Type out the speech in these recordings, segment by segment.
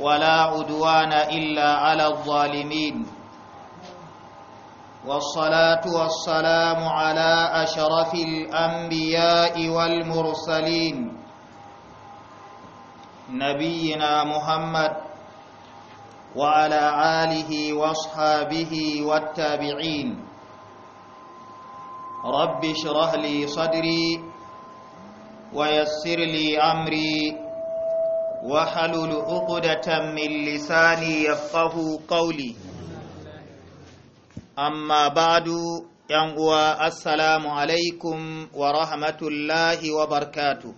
ولا عدوان إلا على الظالمين والصلاة والسلام على أشرف الأنبياء والمرسلين نبينا محمد وعلى آله واصحابه والتابعين رب اشرح لي صدري ويسر لي أمري وحلل عقدة من لساني يفقه قولي أما بعد ينقوى السلام عليكم ورحمة الله وبركاته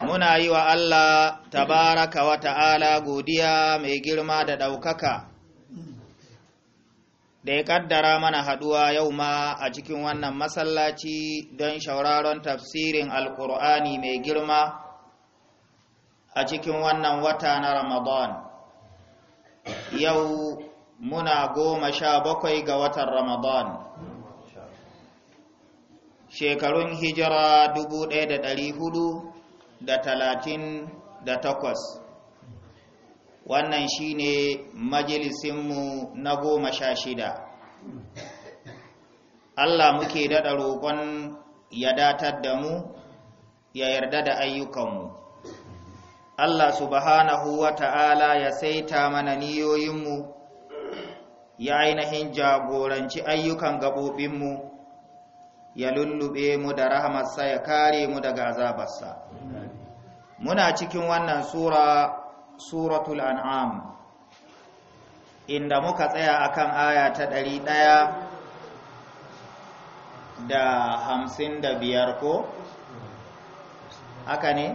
muna yi wa Allah tabaraka wa ta'ala godiya mai girma da ɗaukaka da ya ƙaddara mana haɗuwa yau ma a cikin wannan masallaci don shauraron tafsirin alƙur'ani mai girma a cikin wannan wata na Ramadan. Yau muna goma sha bakwai ga watan Ramadan. Shekarun hijira dubu ɗaya da ɗari hudu da talatin da takwas. Wannan shi ne majalisinmu na goma sha shida. Allah muke daɗa roƙon ya datar da mu, ya yarda da ayyukanmu. Allah subhanahu wa ta'ala ya saita mana niyoyinmu, ya ainihin jagoranci ayyukan gaɓoɓinmu, ya lullube mu da rahamarsa ya kare mu daga azabarsa. Muna cikin wannan Sura, Suratul An'am, inda muka tsaya a kan aya ta ɗari ɗaya da hamsin da biyar ko? Haka ne?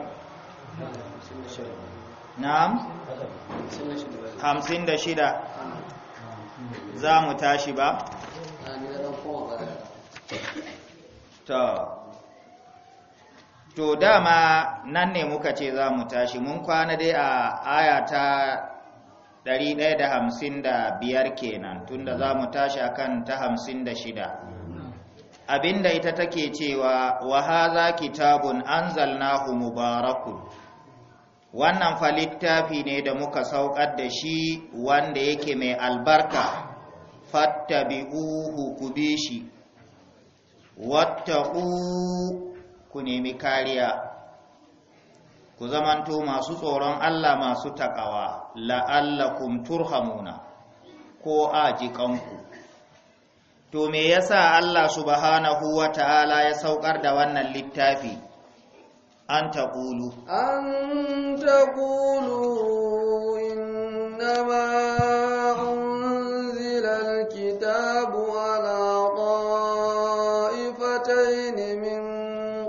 na'am shida za mu tashi ba to to dama nan ne muka ce za mu tashi mun kwana dai a aya ta 155 kenan tunda za mu tashi akan ta hamsin da shida? abinda ita take cewa wa haza kitabun anzalnahu mubarakun wannan fa littafi ne da muka saukar da shi wanda yake mai albarka uhu ku bi shi wattaqu ku nemi kariya ku zamanto masu tsoron Allah masu takawa la'allakum turhamuna ko a jikanku to me yasa Allah subhanahu wa ta'ala ya sauƙar da wannan littafi an taqulu an taqulu innama unzila alkitabu ala qa'ifatayn min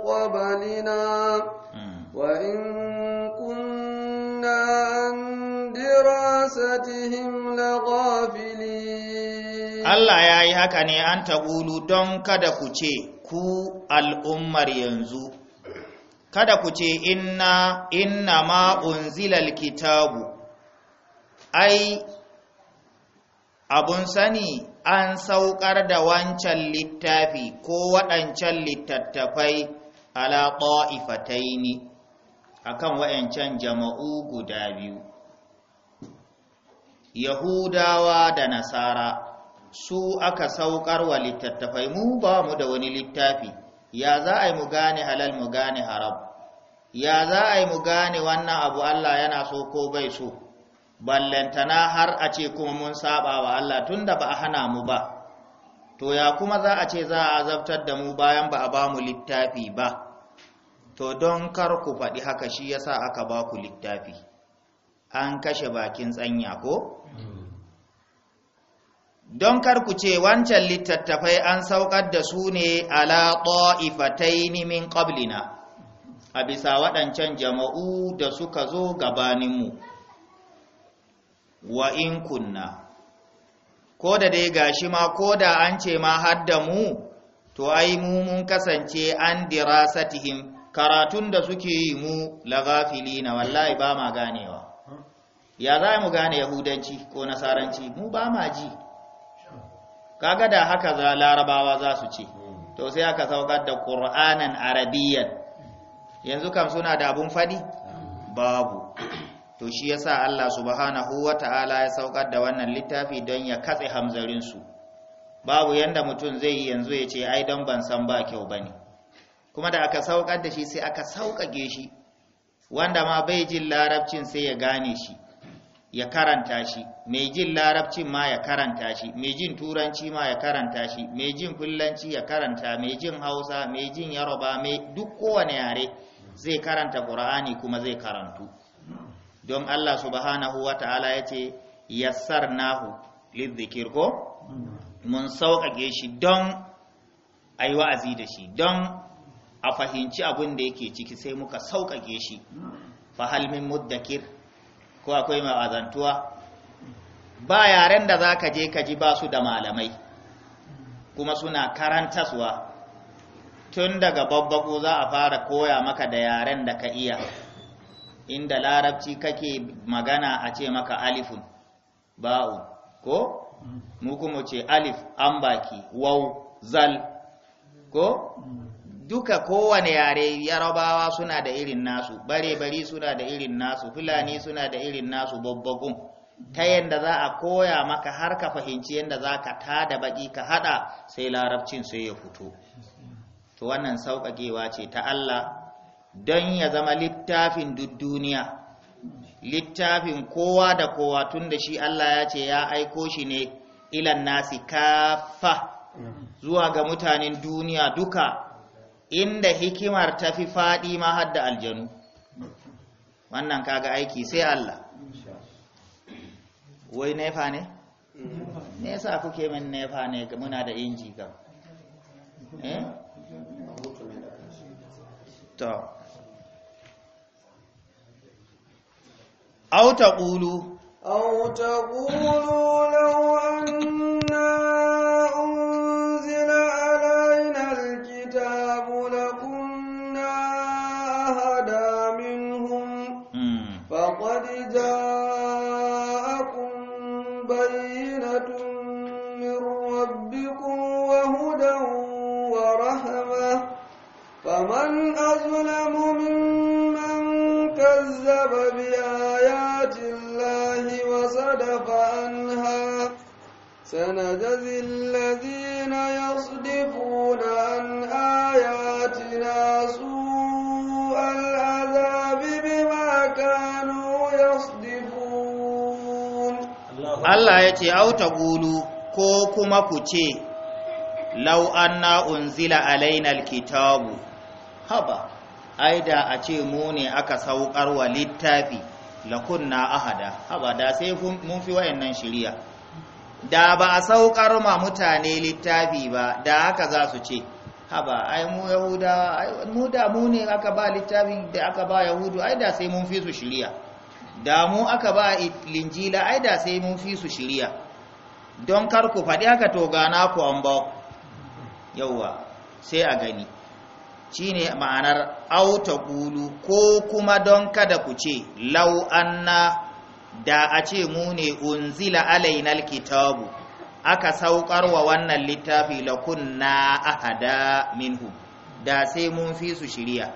qablina wa in kunna an dirasatihim laghafilin Allah yayi haka ne an taqulu don kada ku ce ku al'ummar yanzu kada ku ce inna inna ma unzilal kitabu ai abun sani an saukar da wancan littafi ko waɗancan littattafai ala ta'ifataini akan waɗancan jama'u guda biyu yahudawa da nasara su aka saukar wa littattafai mu ba mu da wani littafi ya za a yi mu gane halal mu gane haram ya za a yi mu gane wannan abu Allah yana so ko bai so ballantana har a ce kuma mun saba wa Allah tunda ba a hana mu ba to ya kuma za a ce za a azabtar da mu bayan ba a ba mu littafi ba to don kar ku faɗi haka shi yasa aka ba ku littafi an kashe bakin tsanya ko don kar ku ce wancan littattafai an saukar da su ne ala ta'ifataini min ƙablina a bisa waɗancan jama'u da suka zo gabaninmu wa in kunna ko da dai gashi ma ko da an ce ma da mu to ai mu mun kasance an dirasatihim karatun da suke yi mu na wallahi ba ma ganewa ya za mu gane yahudanci ko nasaranci mu ba ma ji kaga da haka za larabawa za su ce to sai aka saukar da ƙur'anan arabiyyan yanzu kam suna da abun faɗi babu to shi yasa Allah su subhanahu ta'ala ya saukar da wannan littafi don ya katse hamzarinsu babu yanda mutum zai yi yanzu ya ce ai don ban san ba kyau ba ne. kuma da aka saukar da shi sai aka sauƙaƙe shi wanda ma bai jin larabcin sai ya gane shi ya karanta shi mai jin larabci ma ya karanta shi mai jin turanci ma ya karanta shi mai jin fullanci ya karanta mai jin hausa mai jin yaroba mai duk kowane yare zai karanta qur'ani kuma zai karantu don Allah subhanahu wa ta'ala ya ce nahu, lizzikir ko mun sauƙaƙe shi don a yi wa'azi da shi don a fahimci abin da yake ciki sai muka sauƙaƙe shi fahalmin muddakir ko akwai mai ba yaren da za ka je ka ji ba su da malamai kuma suna karantaswa tun daga babbago za a fara koya maka da yaren da ka iya inda larabci kake magana a ce maka alifun ba'u ko mu kuma ce alif an baki wau zal ko duka kowane yare yarabawa suna da irin nasu bare-bari suna da irin nasu fulani suna da irin nasu babbagun ta yadda za a koya maka har ka fahimci yadda za ka ta da baki ka hada sai larabcin sai ya fito to wannan sauƙaƙewa ce ta Allah don ya zama littafin duk duniya littafin kowa da kowa tun da shi Allah ya ce ya aiko shi ne ilan nasi kafa zuwa ga mutanen duniya duka inda hikimar ta fi faɗi ma hadda aljanu wannan kaga aiki sai Allah wai nefa ne? nesa kuke min nefa ne muna da inji kam eh? to auta ƙulu auta ƙulu lawan سنجزي الذين يصدفون عن آياتنا سوء العذاب بما كانوا يصدفون الله يتي أو تقول كوكما كتي لو أن أنزل علينا الكتاب هبا أيدا أتي موني أكسو mu ne لكنا أهدا هبا دا سيف ahada haba شريا da ba a saukar ma mutane littafi ba da haka za su ce haba ai mu yahuda mu da mu ne aka ba littafin da aka ba yahudu ai da sai mun fi su shiriya da mu aka ba linjila ai da sai mun fi su shiriya don kar ku faɗi haka to gana ku an ba yauwa sai a gani shine ma'anar auta kulu ko kuma don kada ku ce lau anna da a ce mu ne unzila alainal kitabu aka saukar wa wannan littafi lakunna ahada minhu da sai mun fi su shirya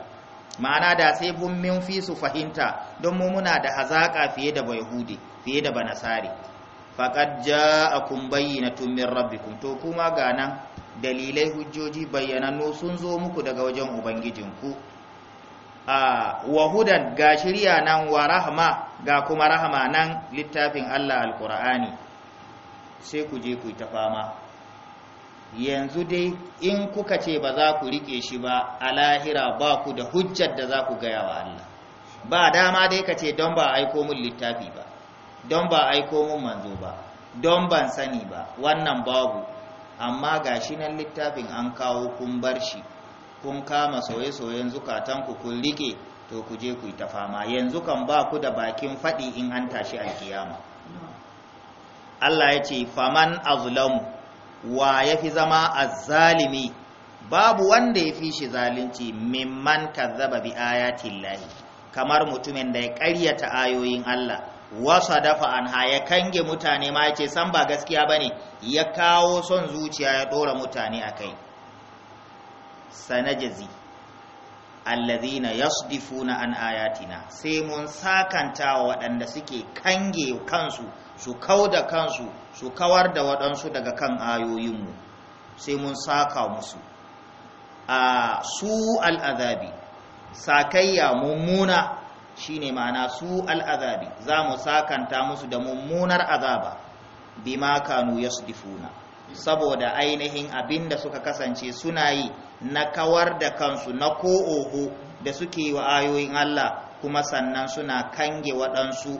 ma'ana da sai mun fi su fahimta don mu muna da hazaka fiye da bayhudi fiye da banasari faqad ja'akum bayyinatun min rabbikum to kuma ga nan dalilai hujjoji no sun zo muku daga wajen ubangijinku wa hudan ga shirya nan wa rahama ga kuma rahama nan littafin Allah alkur'ani sai ku je ku yi ta fama yanzu dai in kuka ce ba za ku riƙe shi ba a lahira ba ku da hujjar da za ku gaya wa Allah ba dama dai ka ce don ba aiko mun littafi ba don ba aiko mun manzo ba don ban sani ba wannan babu amma ga shi nan littafin an kawo kun bar shi kun kama soye-soyen ku kun rike to ku je ku yi ta fama yanzu kan ba ku da bakin faɗi in an tashi alkiyama Allah ya ce faman azlamu wa ya fi zama azzalimi babu wanda ya fi shi zalunci mimman kazzaba bi ayatin lahi kamar mutumin da ya ƙaryata ayoyin Allah wasa dafa anha ya kange mutane ma ya ce san ba gaskiya bane ya kawo son zuciya ya ɗora mutane a kai sanajazi alladhina yasdifuna an ayatina sai mun sakanta wa waɗanda suke kange kansu su kauda kansu su kawar da waɗansu daga kan ayoyinmu sai mun saka musu a su al'azabi sakayya mummuna shine ma'ana su al'azabi za mu sakanta musu da mummunar azaba bima kanu yasdifuna saboda ainihin abin da suka kasance suna yi na kawar da kansu na kooho da suke wa ayoyin Allah kuma sannan suna kange waɗansu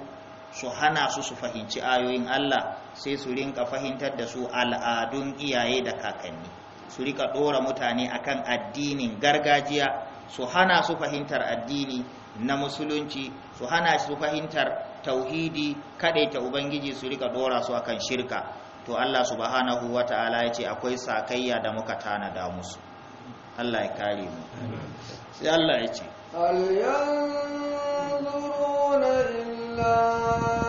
su hana su su fahimci ayoyin Allah sai su rinka fahimtar da su al'adun iyaye da kakanni su rika ɗora mutane akan addinin gargajiya su hana su fahimtar addini na musulunci su hana su fahimtar tauhidi kaɗai ta ubangiji su rika ɗora su akan shirka to Allah subhanahu wa ta'ala ya ce akwai sakayya da muka tanada musu Allah ya kare mu sai Allah ya ce al yanzuruna illa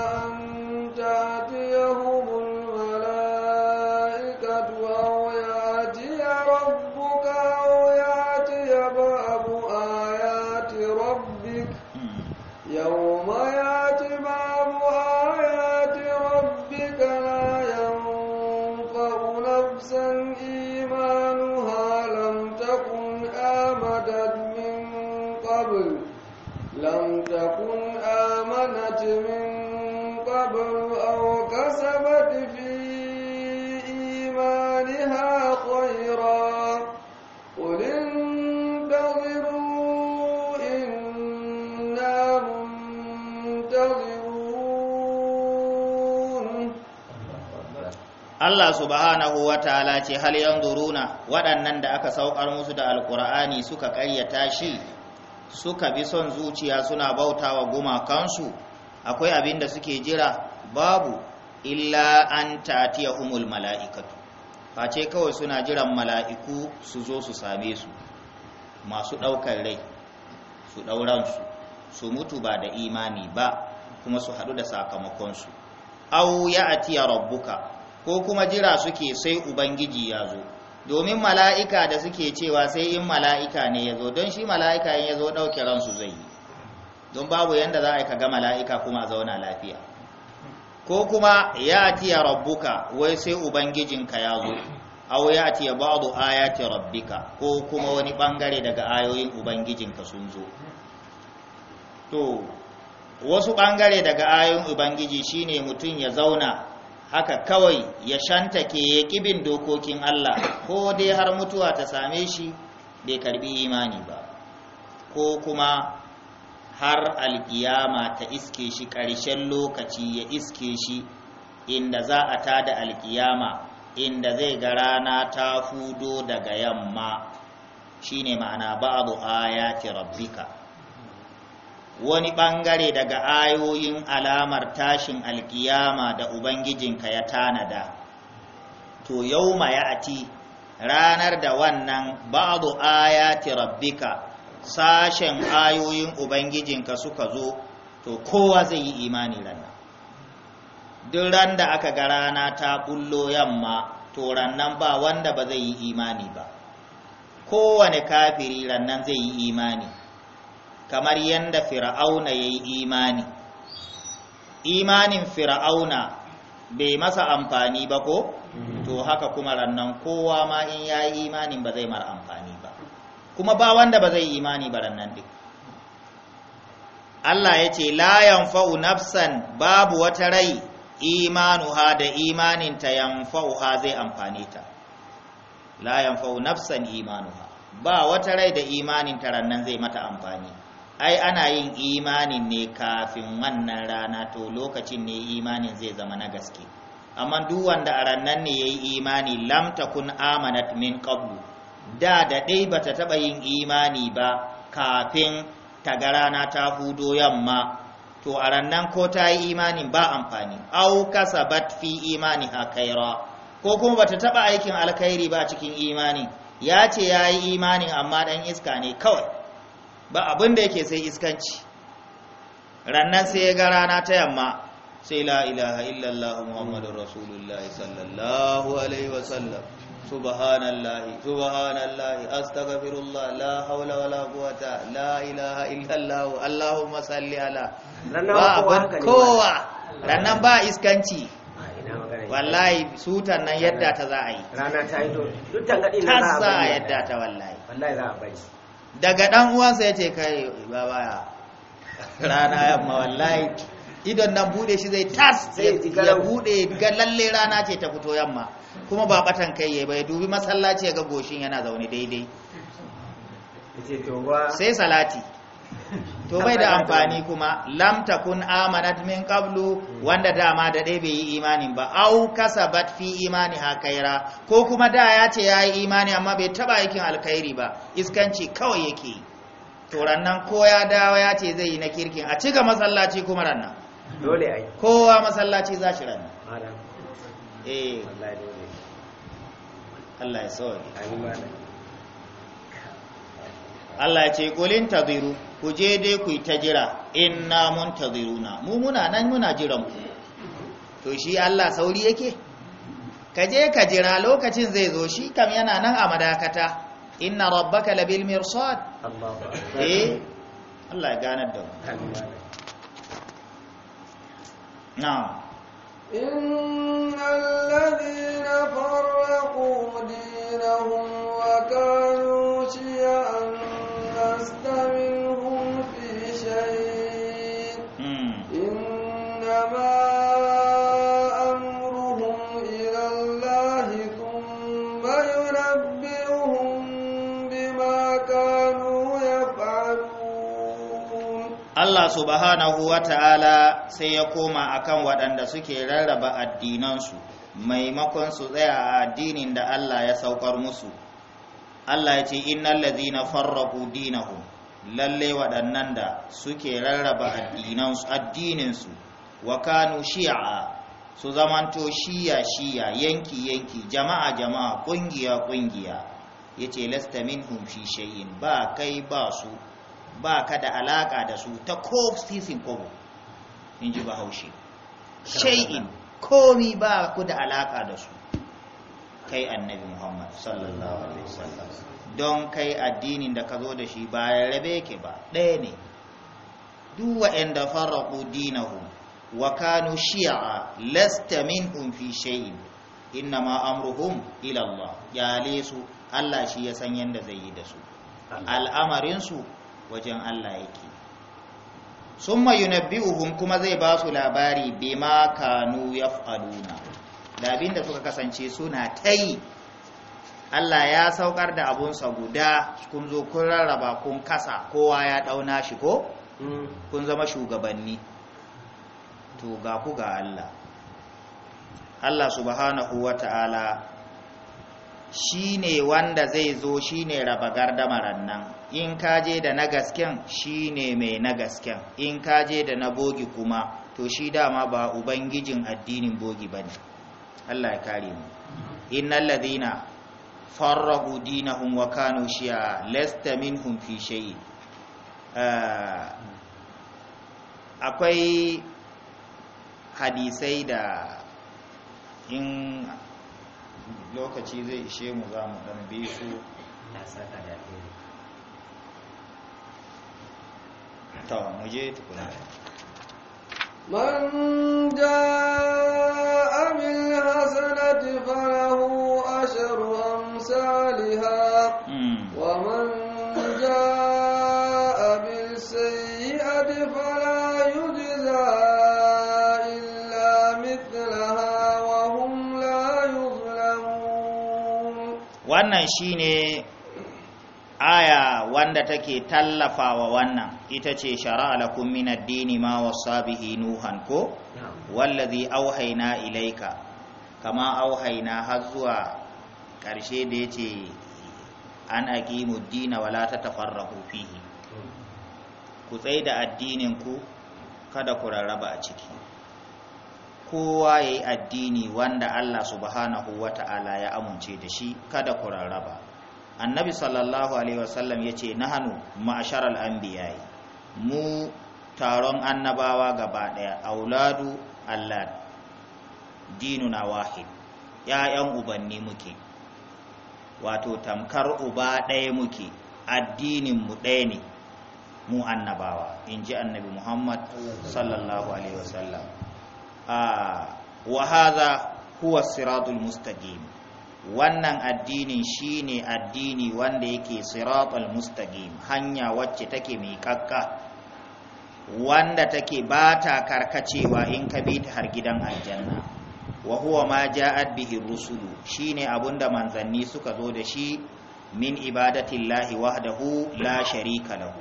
Allah subhanahu wa ta'ala ce hal yanzuruna waɗannan da aka saukar musu da alkur'ani suka karyata shi suka bi son zuciya suna bautawa gumakansu akwai abin da suke jira babu illa an humul mala'ikatu face kawai suna jiran mala'iku su zo su same su masu ɗaukar rai su ɗauransu su mutu ba da imani ba kuma su haɗu da sakamakonsu au ya atiya rabbuka ko kuma jira suke sai ubangiji ya zo domin mala'ika da suke cewa sai in mala'ika ne ya zo don shi mala'ika in ya zo ɗauke ransu zai yi don babu yadda za a ga mala'ika kuma zauna lafiya ko kuma ya tiya rabbuka wai sai ubangijinka ya zo au ya ya ba'adu ayati rabbika ko kuma wani bangare daga ayoyin ubangijinka sun zo to wasu ɓangare daga ayoyin ubangiji shine mutum ya zauna haka kawai ya ke ya ƙibin dokokin Allah ko dai har mutuwa ta same shi bai karbi imani ba ko kuma har alkiyama ta iske shi ƙarshen lokaci ya iske shi inda za a tada alkiyama inda zai ga rana ta fudo daga yamma shine ma'ana ba'adu ayati rabbika wani ɓangare daga ayoyin alamar tashin alkiyama da Ubangijinka ya tanada, to yau ma ya ati ranar da wannan ba'adu ayati rabbika sashen ayoyin Ubangijinka suka zo, to kowa zai yi imani rannan. Duk ran da aka ga rana ta bullo yamma, to rannan ba wanda ba zai yi imani ba, kowane kafiri rannan zai yi imani. kamar yanda fir'auna yayi imani imanin fir'auna bai masa amfani ba ko mm. to haka kuma rannan kowa ma in yayi imanin ba zai mara amfani ba kuma ba wanda ba zai imani ba rannan din Allah ya ce la yanfa'u nafsan babu wata rai ha da imaninta ha zai amfane ta la yanfa'u nafsan imanuha ba wata rai da imanin rannan zai mata amfani ai ana yin imanin ne kafin wannan rana to lokacin ne imanin zai zama na gaske amma duk wanda a rannan ne yayi imani lam takun amanat min qablu da da dai bata taba yin imani ba kafin taga rana ta hudo yamma to a ko ta yi imanin ba amfani au kasabat fi imani khaira ko kuma bata taba aikin alkhairi ba cikin imani ya ce ya yi imanin amma dan iska ne kawai ba abin da yake sai iskanci rannan sai ya ga rana ta yamma sai la ilaha illallah muhammadur rasulullahi sallallahu alaihi wasallam subhanallahi subhanallahi astaghfirullah la hawla wala quwata la ilaha illallah allahumma salli ala ba kowa rannan ba iskanci wallahi sutan nan yadda ta za a yi rana ta yi to duk tangadi na za a yadda ta wallahi wallahi za a bai daga dan uwansa ya ce kai ba baya rana yamma wallahi idon nan bude shi zai tas ya bude ga lalle rana ce ta fito yamma kuma ba batan kai yayi ba ya dubi masallaci ya ga goshin yana zaune daidai sai salati to bai da amfani kuma lam kun amanat min qablu wanda dama da dai bai yi imanin ba au kasabat fi imani ha kaira ko kuma da ya ce yayi imani amma bai taba aikin alkhairi ba iskanci kawai yake to rannan ko ya dawo ya ce zai yi na kirkin a cika masallaci kuma rannan dole ai kowa masallaci za shi rannan eh Allah ya sauke Allah ya ce kulin tadiru ku je dai ku yi ta jira in inna muntaziruna mu muna nan muna jiran ku to shi Allah sauri yake ka je ka jira lokacin zai zo shi kam yana nan a madakata inna rabbaka labil mirsad eh Allah ya ganar da mu na'am إن الذين فرقوا دينهم وكانوا شيئا لست منهم subhanahu wa ta'ala sai ya koma akan waɗanda suke rarraba addinansu maimakon su tsaya a addinin da Allah ya saukar musu Allah ya ce innal ladhina farraqu dinahum lalle waɗannan da suke rarraba addinansu addininsu wa kanu shi'a su zamanto shiya shiya yanki yanki jama'a jama'a ƙungiya kungiya yace lasta minhum fi shay'in ba kai ba su ba ka da alaƙa da su ta ko sisin kobo in ji bahaushe shay'in komi ba ku da alaƙa da su kai annabi muhammad sallallahu alaihi wasallam don kai addinin da ka zo da shi ba rabe ke ba ɗaya ne duk inda farraku dinahu wa kanu shi'a lasta minhum fi shay'in innama amruhum ila Allah ya su Allah shi ya san yanda zai yi da su al'amarin su wajen Allah yake summa yunabbi'uhum kuma zai ba su labari bima kanu yaf'aluna da da suka kasance suna tai Allah ya saukar da abunsa guda kun zo kun rarraba kun kasa kowa ya dauna shi ko mm. kun zama shugabanni to ga ku ga Allah Allah subhanahu wa ta'ala Shi ne wanda zai zo shine raba gardamaran nan in ka je da na gasken shine mai na gasken in ka je da na bogi kuma to shi dama ba ubangijin addinin bogi bane Allah ya kare mu innal ladina farrahu dinahum wa kanu shiya lasta minhum fi shay'in ah, akwai hadisai da in lokaci zai ishe mu zamu mu dan bi su na saka hasanati falahu ashru amsalha hmm. wa wannan shine aya wanda take tallafawa wannan ita ce shara'a lakum min ad-dini ma wasa bihi nuhan ko wallazi auhaina ilaika kama auhaina har zuwa ƙarshe da yace an aqimu ad-dina wala tatafarraqu fihi hmm. ku tsaida addinin ku kada ku rarraba a ciki kowa ya yi addini wanda Allah subhanahu wa ta'ala ya amince da shi kada ku rarraba annabi sallallahu alaihi wasallam ya ce na nahanu ma'asharal yi. mu taron annabawa gaba ɗaya auladu dinu na wahid ‘ya'yan ubanni muke wato tamkar uba ɗaya muke addinin mu ɗaya ne mu annabawa in ji annabi muhammad sallallahu alaihi wasallam Ah, wa hadha huwa siratul mustaqim wannan addini shine addini wanda yake siratul mustaqim hanya wacce take mai kakka wanda take ba bata karkacewa in ka bi ta har gidan aljanna wa huwa ma ja'at bihi rusulu shine abunda manzanni suka zo da shi min ibadatillahi wahdahu la sharika lahu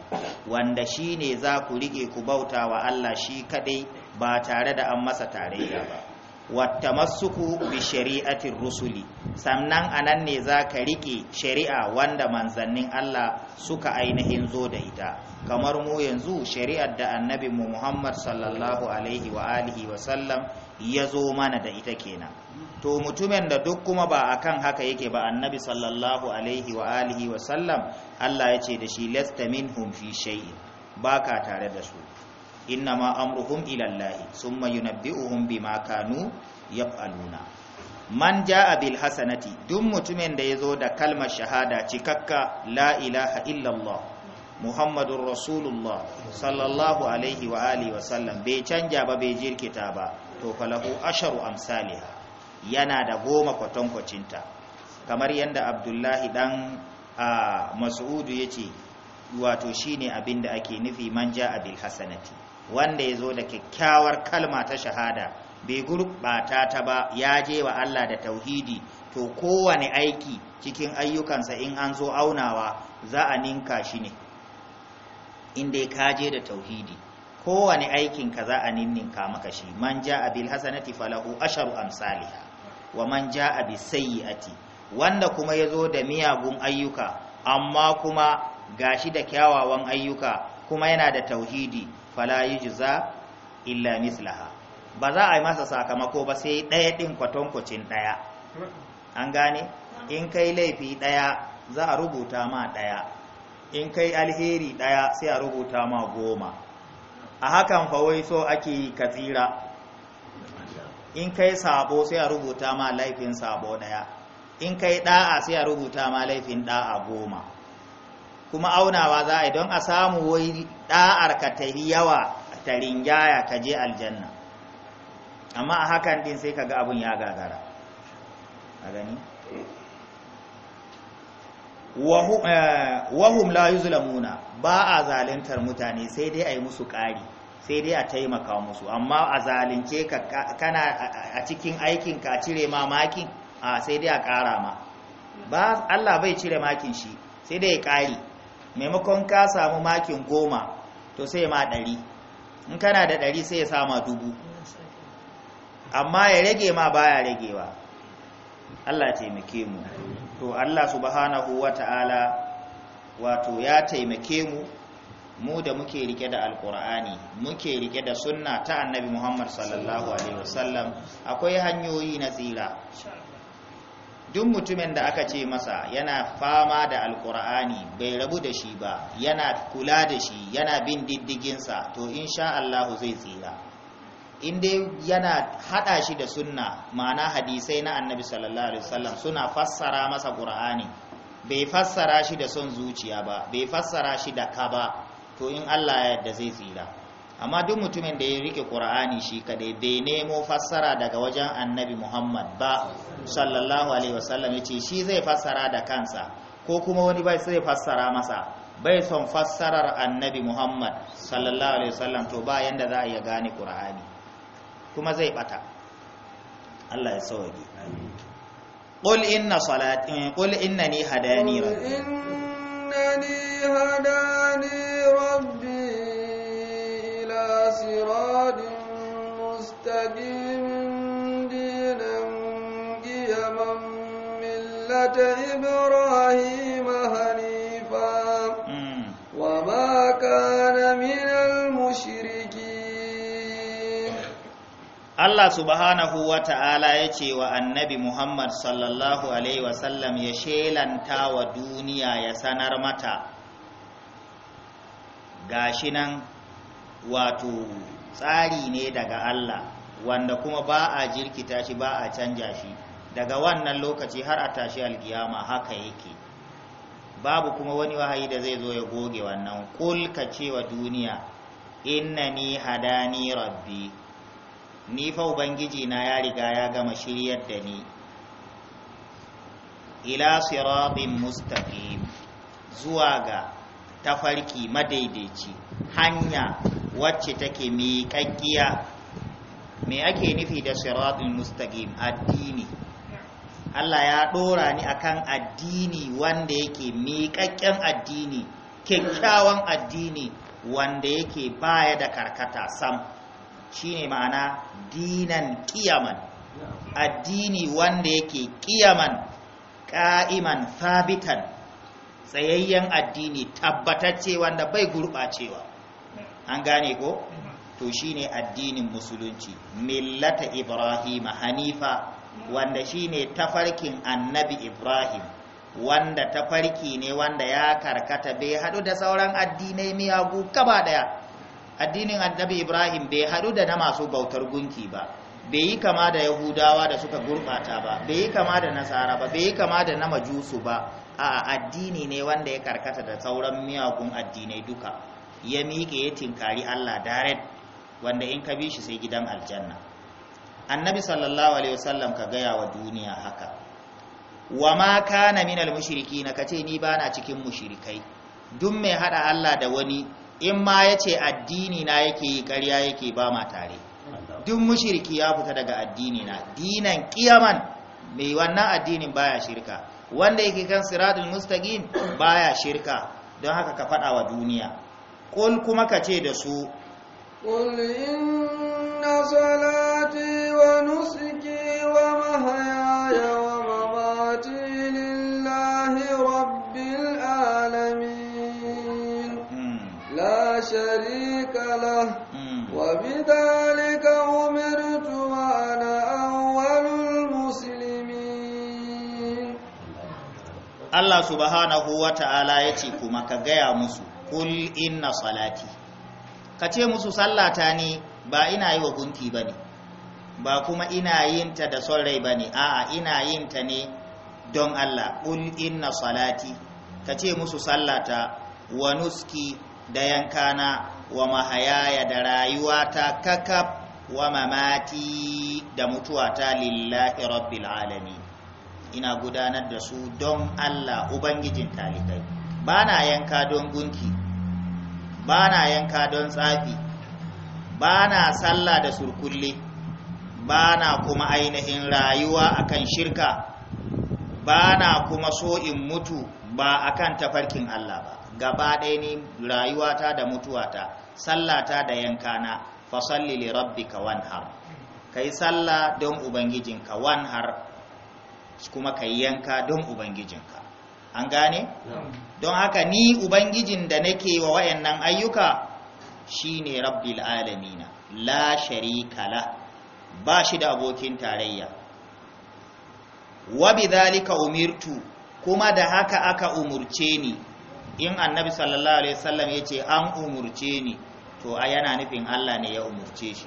wanda shine za ku rike ku bauta wa Allah shi kadai ba tare da an masa tarayya ba masuku bi shari'atin rusuli sannan nan ne za ka riƙe shari'a wanda manzannin Allah suka ainihin zo da ita kamar mu yanzu shari'ar da annabi mu Muhammad sallallahu alaihi wa alihi wa sallam ya zo mana da ita kenan to mutumin da duk kuma ba akan haka yake ba annabi sallallahu alaihi wa alihi wa sallam Allah ya ce da shi lasta minhum fi shay'in baka tare da su innama amruhum ilallahi summa yunabbi'uhum bima kanu yaf'aluna man ja'a bil hasanati duk mutumin da yazo da kalmar shahada cikakka la ilaha illallah muhammadur rasulullah sallallahu alaihi wa alihi wa sallam bai canja ba bai jirkita ba to falahu asharu amsaliha yana da goma kwatankwacinta kamar yadda abdullahi dan a mas'udu yace wato shine abinda ake nufi man ja'a bil hasanati wanda ya zo da kyakkyawar kalma ta shahada bai gurɓata ta ba ya je wa Allah da tauhidi to kowane aiki cikin ayyukansa in an zo aunawa za a ninka shi ne inda ka je da tauhidi kowane aikinka za a ninninka maka shi man ja'a bil hasanati falahu asharu wa man ja'a Ati. sayyi'ati wanda kuma ya zo da miyagun ayyuka amma kuma gashi da kyawawan ayyuka kuma yana da tauhidi fala yujza illa mislaha ba za a yi masa sakamako ba sai ɗaya ɗin kwatankwacin ɗaya an gane in kai laifi ɗaya za a rubuta ma ɗaya in kai alheri ɗaya sai a rubuta ma goma a hakan fa wai so ake yi in kai sabo sai a rubuta ma laifin sabo ɗaya in kai ɗa'a sai a rubuta ma laifin ɗa'a goma kuma aunawa za a yi don a samu wai ɗa'ar ka ta yi yawa ta ringaya ka je aljanna amma a hakan ɗin sai ka ga abin ya gagara a gani eh, wahum la zulamuna ba a zalintar mutane sai dai a yi musu ƙari sai dai a taimaka musu amma a zalince ka kana a cikin aikin ka cire makin a sai dai a ƙara ma ba Allah bai cire makin shi sai dai ya ƙari maimakon ka samu makin goma to sai ma ɗari in kana da ɗari sai ya sama dubu amma ya rage ma baya ragewa Allah taimake mu to Allah subhanahu ta'ala wato ya taimake mu mu da muke rike da alkur'ani muke rike da sunna ta annabi muhammad sallallahu alaihi wasallam akwai hanyoyi na tsira duk mutumin da aka ce masa yana fama da alkur'ani bai rabu da shi ba yana kula da shi yana bin diddiginsa to in sha Allahu zai tsira in dai yana hada shi da sunna ma'ana hadisai na annabi sallallahu alaihi wasallam suna fassara masa qur'ani bai fassara shi da son zuciya ba bai fassara shi da ka ba to in Allah ya yarda zai tsira amma duk mutumin da ya rike qur'ani shi kadai bai nemo fassara daga wajen annabi muhammad ba sallallahu alaihi wasallam ce shi zai fassara da kansa ko kuma wani bai sai fassara masa bai son fassarar annabi muhammad sallallahu alaihi wasallam to ba yanda za a iya gane qur'ani kuma zai bata Allah ya sauke قل إن صلاتي قل إنني هداني ربي إنني هداني ربي على صراط مستقيم دينا قيما ملة إبراهيم هنيفا وما كان من المشركين الله سبحانه وتعالى يتي والنبي محمد صلى الله عليه وسلم يشيلن تاوى دنيا يسنر متى gashi nan wato tsari ne daga Allah wanda kuma ba a jirkita shi ba a canja shi daga wannan lokaci har a tashi alkiyama haka yake babu kuma wani wahayi da zai zo ya goge wannan kulka cewa duniya innani hadani rabbi ni fa ubangiji na ya riga ya gama shiryar da ni ila siratin mustaqim zuwa ga tafarki madaidaici hanya wacce take miƙaƙƙiya me ake nufi da siratul mustaqim addini Allah ya ɗora ni akan addini wanda yake miƙaƙƙen addini kyakkyawan addini wanda yake baya da karkata sam shine ma'ana dinan kiyaman addini wanda yake kiyaman ka'iman fabitan tsayayyen addini tabbatacce wanda bai gurɓacewa an gane ko to shine addinin musulunci millata ibrahim hanifa wanda shine tafarkin annabi ibrahim wanda tafarki ne wanda ya karkata bai hadu da sauran addinai miyagu gaba daya addinin annabi ibrahim bai hadu da na masu bautar gunki ba bai yi kama da yahudawa da suka gurbata ba bai yi kama da nasara ba bai yi kama da na majusu ba a addini ne wanda ya karkata da sauran miyagun addinai duka ya miƙe ya tinkari Allah direct wanda in ka bi shi sai gidan aljanna annabi sallallahu alaihi wasallam ka gaya wa duniya haka wa ma kana minal na kace ni bana cikin mushrikai duk mai hada Allah da wani in ma yace addini na yake yi ƙarya yake ba ma tare duk mushriki ya fita daga addini na dinan qiyaman mai wannan addinin baya shirka wanda yake kan siratul mustaqim baya shirka don haka ka fada wa duniya kul kuma ka ce da su kul inna salati wa nusuki wa mahayaya wa mamati lillahi rabbil alamin hmm. la sharika hmm. wa bidhalika umirtu wa ana awwalul muslimin Allah subhanahu wa ta'ala yace kuma ka gaya musu kul inna salati ka ce musu sallata ne ba ina yi wa gunki ba ne ba kuma ina yin ta da son rai ba ne a'a ina yin ta ne don Allah kul inna salati ka ce musu sallata wa nuski da yankana wa mahayaya da rayuwata kakab wa mamati da mutuwata lillahi rabbil alamin ina gudanar da su don Allah ubangijin talibai ba na yanka don gunki ba na yanka don tsafi ba na sallah da surkulle ba na kuma ainihin rayuwa kan shirka ba na kuma so in mutu ba akan tafarkin Allah ba gaba ɗaya ne rayuwata da mutuwata sallata da yankana fasalli li rabbika wanhar kai sallah don ubangijinka wanhar kuma kai yanka don ubangijinka an gane don haka ni ubangijin da nake wa wayannan ayyuka shine rabbil alamina la sharika la ba shi da abokin tarayya wa bidhalika umirtu kuma da haka aka umurce ni in annabi sallallahu alaihi wasallam yace an umurce ni to a yana nufin Allah ne ya umurce shi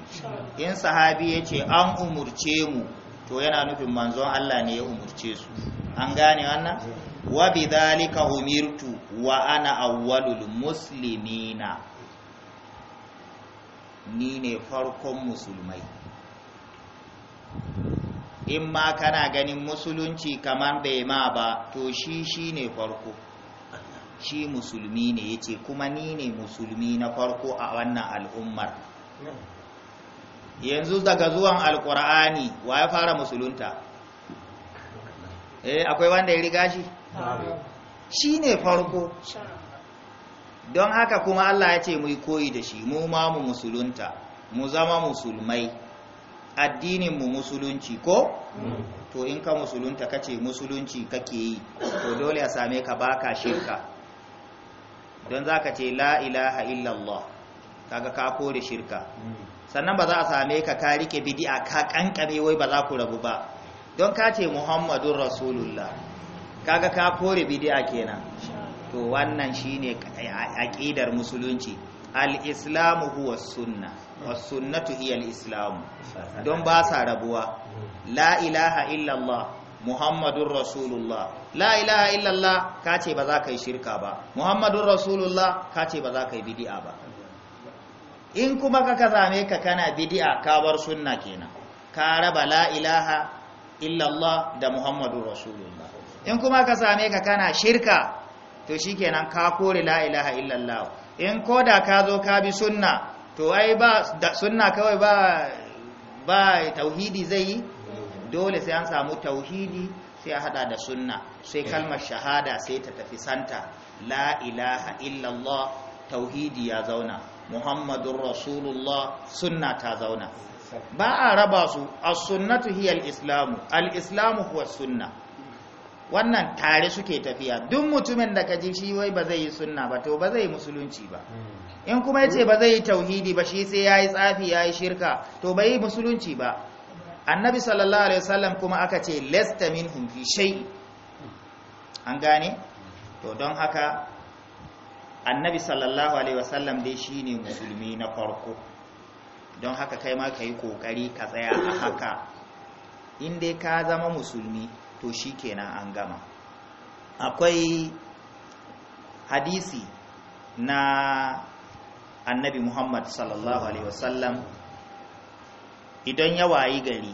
in sahabi yace an umurce mu to yana nufin manzon Allah ne ya umurce su an gane wannan wa bidhalika umirtu wa ana awwalul muslimina ni ne farkon musulmai in ma kana ganin musulunci kamar bai ma ba to shi shi ne farko shi musulmi ne ya ce kuma ni ne musulmi na farko a wannan al'ummar yanzu daga zuwan alkur'ani wa ya fara musulunta eh akwai wanda ya riga shi shi ne farko don haka kuma Allah ya ce mu koyi da shi mu ma mu musulunta mu zama musulmai addinin mu musulunci ko to in ka musulunta ka ce musulunci kake yi to dole a same ka baka shirka don ka ce la ilaha illallah ga ka da shirka sannan ba za a same ka ka rike bidi'a, ka kankame wai ba za ku rabu ba don ka ce muhammadun rasulullah kaga ka kore bid'a kenan to wannan shine aqidar musulunci al-islamu huwa sunna was sunnatu hiya al-islam don ba sa rabuwa la ilaha illallah muhammadur rasulullah la ilaha illallah ka ce ba za ka shirka ba muhammadur rasulullah ka ce ba za ka yi bid'a ba in kuma ka ka zame ka kana bid'a ka bar sunna kenan ka raba la ilaha illallah da muhammadur rasulullah in kuma ka same ka kana shirka to shikenan ka kore la ilaha illallah in koda ka zo ka bi sunna to ai ba da sunna kawai ba ba tauhidi zai yi dole sai an samu tauhidi sai a hada da sunna sai kalmar shahada sai ta tafi santa la ilaha illallah tauhidi ya zauna muhammadun rasulullah sunna ta zauna ba a raba su as-sunnatu hiya al-islamu al-islamu huwa sunna wannan tare suke tafiya duk mutumin da ka ji shi wai ba zai yi sunna ba to ba zai yi musulunci ba hmm. in kuma ya ce ba zai yi tauhidi ba shi sai ya yi tsafi ya yi shirka to bai yi musulunci ba annabi sallallahu alaihi wasallam kuma aka ce lesta min hunfi shai an gane to don haka annabi sallallahu alaihi wasallam dai ne musulmi na farko don haka kai ma ka yi kokari ka tsaya a haka in dai ka zama musulmi to shi kenan an gama akwai hadisi na annabi muhammad sallallahu alaihi wasallam idan ya wayi gari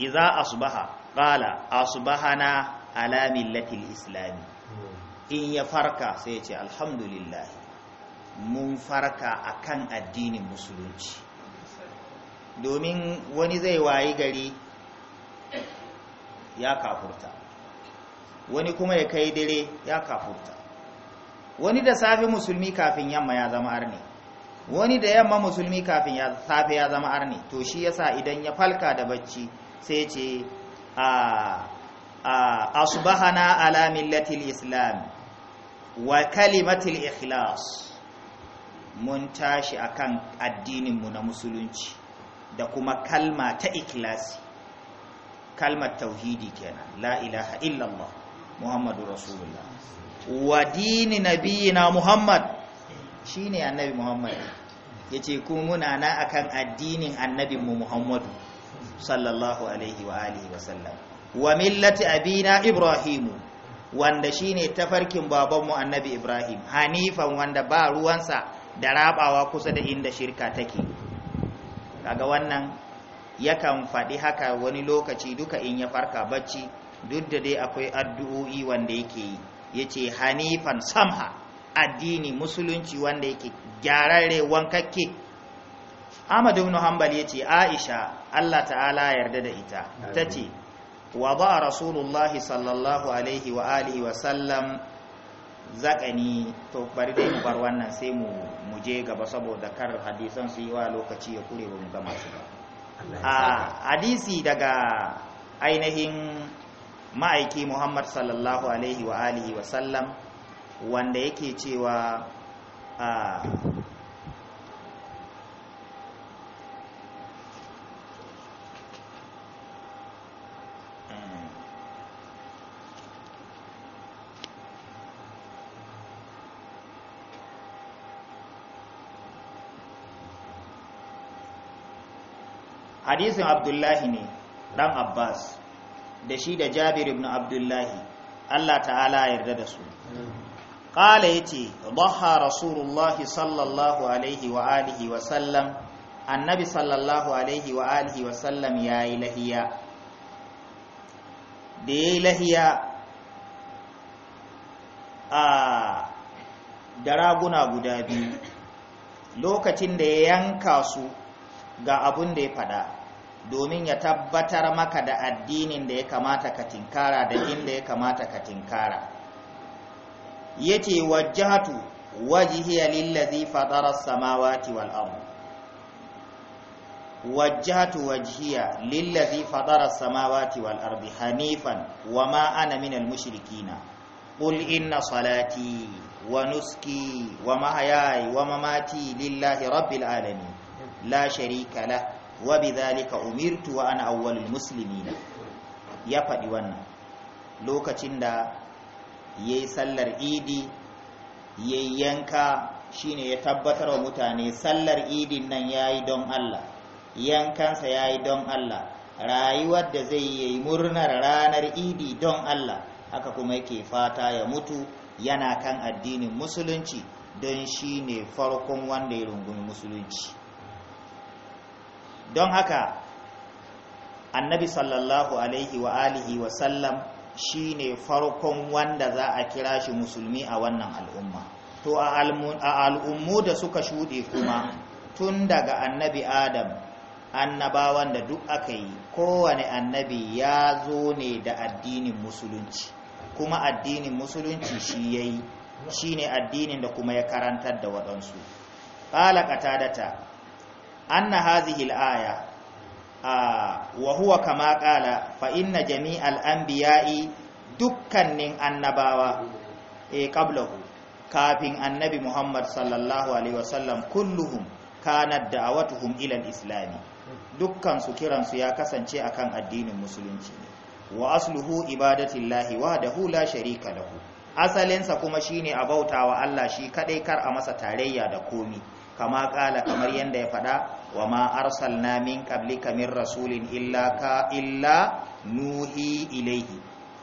iza asbaha qala asbahana ala millatil islami in ya farka sai ya ce alhamdulillah mun farka akan addinin musulunci domin wani zai wayi gari ya kafurta wani kuma ya kai dare ya kafurta wani da safe musulmi kafin yamma ya zama arne wani da yamma musulmi kafin ya safe ya zama arne to shi yasa idan ya falka da bacci sai ce a asbahana ala millatil islam wa kalimatil ikhlas mun tashi akan addininmu na musulunci da kuma kalma ta ikhlasi kalmar tauhidi kenan la ilaha illallah muhammadu rasulullah wa dini nabiyina muhammad shine annabi muhammad yace ku muna na akan addinin annabinmu muhammadu sallallahu alaihi wa alihi wa sallam wa millati abina ibrahimu wanda shine tafarkin babanmu annabi ibrahim hanifan wanda ba ruwansa da rabawa kusa da inda shirka take kaga wannan yakan faɗi haka wani lokaci duka in ya farka bacci duk da dai akwai addu'o'i wanda yake yi ya ce hanifan samha addini musulunci wanda yake gyararre wankakke Ahmad ibn Hanbal yace Aisha Allah ta'ala yarda da ita tace wa ba Rasulullahi sallallahu alaihi wa alihi wa sallam zakani to bari dai mu bar wannan sai mu je gaba saboda kar hadisan su yi wa lokaci ya kure ba mu gama su ba a ah, hadisi daga ainihin ma'aiki muhammad sallallahu alaihi wa alihi wa sallam wanda yake cewa ah, hadisin abdullahi ne ɗan abbas da shi da jabir ibn abdullahi allah ta'ala yarda da su ƙala ya ce baha rasulullahi sallallahu alaihi wa alihi wa sallam annabi sallallahu alaihi wa alihi wa sallam ya yi lahiya da ya yi lahiya a da raguna guda biyu lokacin da ya yanka su ga abin da ya fada domin ya tabbatar maka da addinin da ya kamata ka tinkara da inda ya kamata ka tinkara yace wajjahatu wajhiya lillazi fatara as-samawati wal ardh wajjahatu wajhiya lillazi fatara as-samawati wal ardi hanifan wama ana minal mushrikina qul inna salati wa nuski wa mahayaya wa mamati lillahi rabbil alamin la sharika lahu wa zalika umirtu wa ana awwalul muslimin ya faɗi wannan lokacin da yayi sallar idi yayi yanka shine ya tabbatar wa mutane sallar idin nan yayi don Allah yankansa yayi don Allah rayuwar da zai yi murnar ranar idi don Allah haka kuma yake fata ya mutu yana kan addinin musulunci don shi ne farkon wanda ya rungumi musulunci don haka annabi sallallahu alaihi wa alihi wa sallam shi ne farkon wanda za a kira shi musulmi a wannan al'umma to a al'ummu da suka shuɗe kuma tun daga annabi adam annabawan da duk aka yi kowane annabi ya zo ne da addinin musulunci kuma addinin musulunci shi ya yi shi ne addinin da kuma ya karantar da waɗansu da ta. anna hadhihi al-aya wa huwa kama qala fa inna jami'al anbiya'i dukkanin annabawa e qablahu kafin annabi Muhammad sallallahu alaihi wasallam kulluhum kanat da'awatuhum ila al-islam dukkan su kiran su ya kasance akan addinin musulunci wa asluhu ibadatillahi wahdahu la sharika lahu asalinsa kuma shine abautawa Allah shi kadai kar a masa tarayya da komi kama kala kamar yadda ya faɗa wa ma arsalna min qablika min rasulin illa ka illa nuhi ilaihi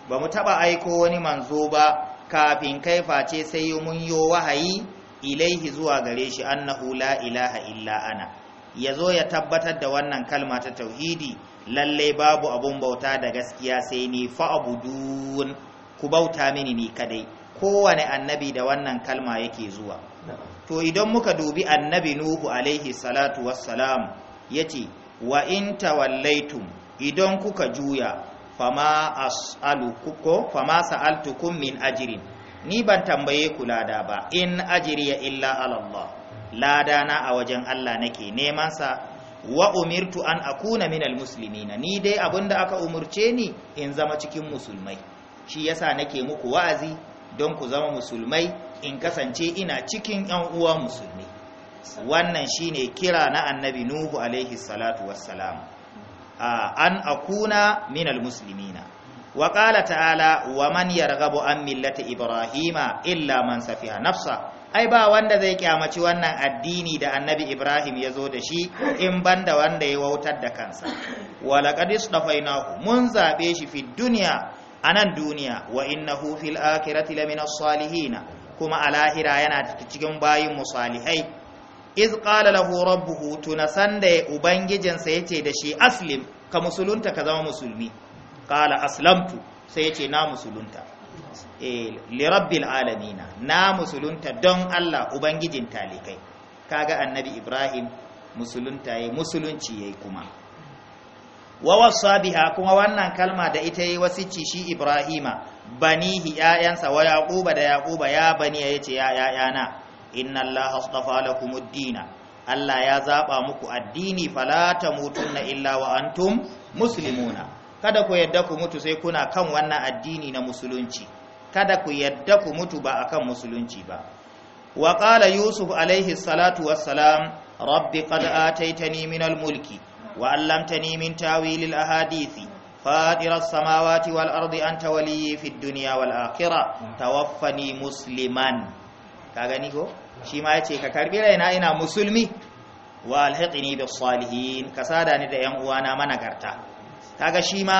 ba mu taɓa aiko wani manzo ba kafin kai face sai mun yo wahayi ilaihi zuwa gare shi annahu la ilaha illa ana ya zo ya tabbatar da wannan kalma ta tauhidi lallai babu abun bauta da gaskiya sai ni fa'abudun ku bauta mini ni kadai kowane annabi da wannan kalma yake zuwa to idan muka dubi annabi nuhu alaihi salatu wassalam ce, wa in tawallaitum idan kuka juya fama as'alukum sa'altukun min ajirin ni ban tambaye ku lada ba in ajiri ya illa Allah lada na a wajen Allah nake neman sa wa umirtu an akuna minal muslimina ni dai abinda aka umurce ni in zama cikin musulmai shi yasa nake muku wa'azi don ku zama musulmai in kasance ina cikin yan uwa musulmi wannan shine kira na annabi nuhu alaihi salatu wassalam an akuna minal musulmina. wa qala ta'ala wa man yarghabu an millati ibrahima illa man safiha nafsa ai ba wanda zai kyamaci wannan addini da annabi ibrahim ya zo da shi in banda wanda ya wautar da kansa walaqad istafainahu mun zaɓe shi fi duniya a nan duniya wa innahu fil akhirati lamina salihina kuma a lahira yana cikin bayin musalihai iz qala lahu rabbuhu tunasan da ubangijinsa yace da shi aslim ka musulunta ka zama musulmi qala aslamtu sai yace na musulunta eh li rabbil alamin na musulunta don Allah ubangijin talikai kaga annabi ibrahim musulunta yayi musulunci yayi kuma wa wasa biha kuma wannan kalma da ita yi wasici shi ibrahima banihi yayansa wa yaquba da yaquba ya bani ya yace ya yayana inna allaha astafa kuma dina Allah ya zaɓa muku addini fala tamutunna illa wa antum muslimuna kada ku yadda ku mutu sai kuna kan wannan addini na musulunci kada ku yadda ku mutu ba akan musulunci ba wa qala yusuf alaihi salatu wassalam rabbi qad ataitani al mulki وعلمتني من تاويل الأحاديث فاطر السماوات والأرض أنت ولي في الدنيا والآخرة توفني مسلما كاغني كو شي ما يتي ككربي رينا انا مسلمي والحقني بالصالحين كساداني da yan uwana managarta kaga shi ma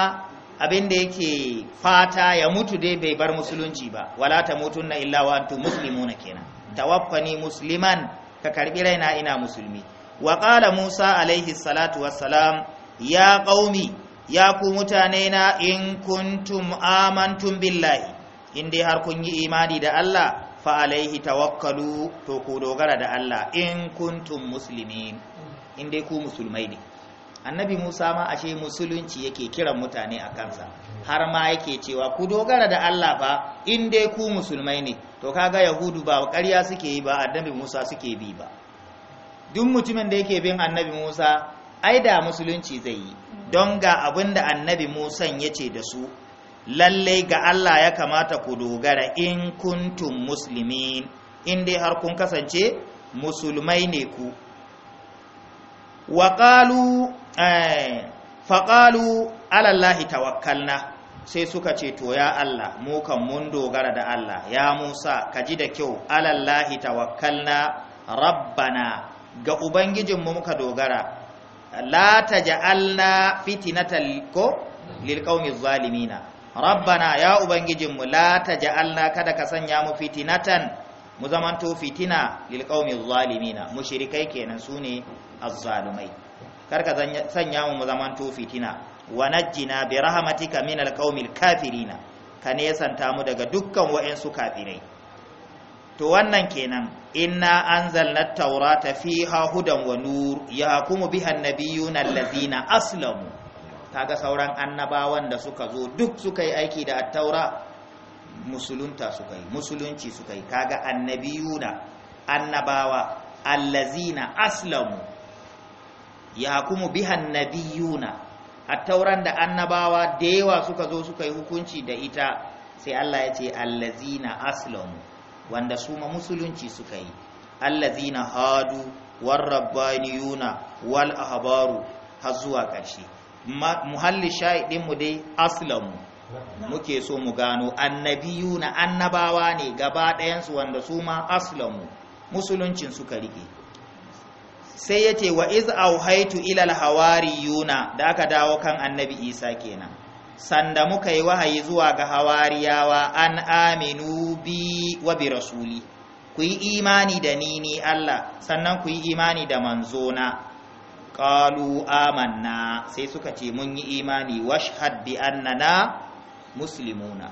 abin da yake fata ya mutu dai bai bar musulunci ba wala ta tamutunna illa wa antum muslimuna kenan tawaffani musliman ka karbi raina ina musulmi wa qala Musa alaihi salatu salam ya qaumi ya ku mutane na in kuntum amantum billahi in dai har kun yi imani da Allah fa alaihi tawakkalu to ku dogara da Allah in kuntum muslimin in dai ku musulmai ne annabi Musa ma ashe musulunci yake kiran mutane a kansa har ma yake cewa ku dogara da Allah ba in dai ku musulmai ne to kaga yahudu ba ƙarya suke yi ba annabi Musa suke bi ba duk mutumin da yake bin annabi Musa ai da musulunci zai yi don ga abin da annabi Musa ya ce da su lallai ga Allah ya kamata ku dogara in kuntum muslimin in dai har kun kasance musulmai ne ku waƙalu eh, faƙalu alallahi tawakkalna sai suka ce to ya Allah mu kan mun dogara da Allah ya Musa ka ji da kyau alallahi tawakkalna rabbana ga ubangijinmu muka dogara la taj'alna fitnatan ko lil qaumi zalimina rabbana ya ubangijinmu la taj'alna kada ka sanya mu fitnatan mu zamanto fitina lil qaumi zalimina mushrikai kenan sune azzalumai kar ka sanya mu zamanto fitina wa najjina bi rahmatika min al kafirina ka nesanta mu daga dukkan wayansu kafirai to wannan kenan inna anzalna taurata fiha hudan wa nur yahkumu biha annabiyuna allazina aslamu kaga sauran annabawan da suka zo duk suka yi aiki da taura? musulunta suka yi musulunci suka yi kaga annabiyuna annabawa allazina aslamu yahkumu biha annabiyuna attauran da annabawa da yawa suka zo suka yi hukunci da ita sai Allah ya ce allazina aslamu wanda su ma musulunci suka yi allazina hadu rabbaniyuna wal ahbaru har zuwa ƙarshe muhalli shaidin mu dai aslamu muke so mu gano annabiyuna annabawa ne gaba ɗayansu wanda su ma aslamu musuluncin suka rike sai yace wa iz auhaitu ila al hawariyuna da aka dawo kan annabi isa kenan sanda muka yi wahayi zuwa ga hawariyawa an aminu bi wa bi rasuli ku yi imani da ni ni Allah sannan ku yi imani da manzona qalu amanna sai suka ce mun yi imani washhad bi annana muslimuna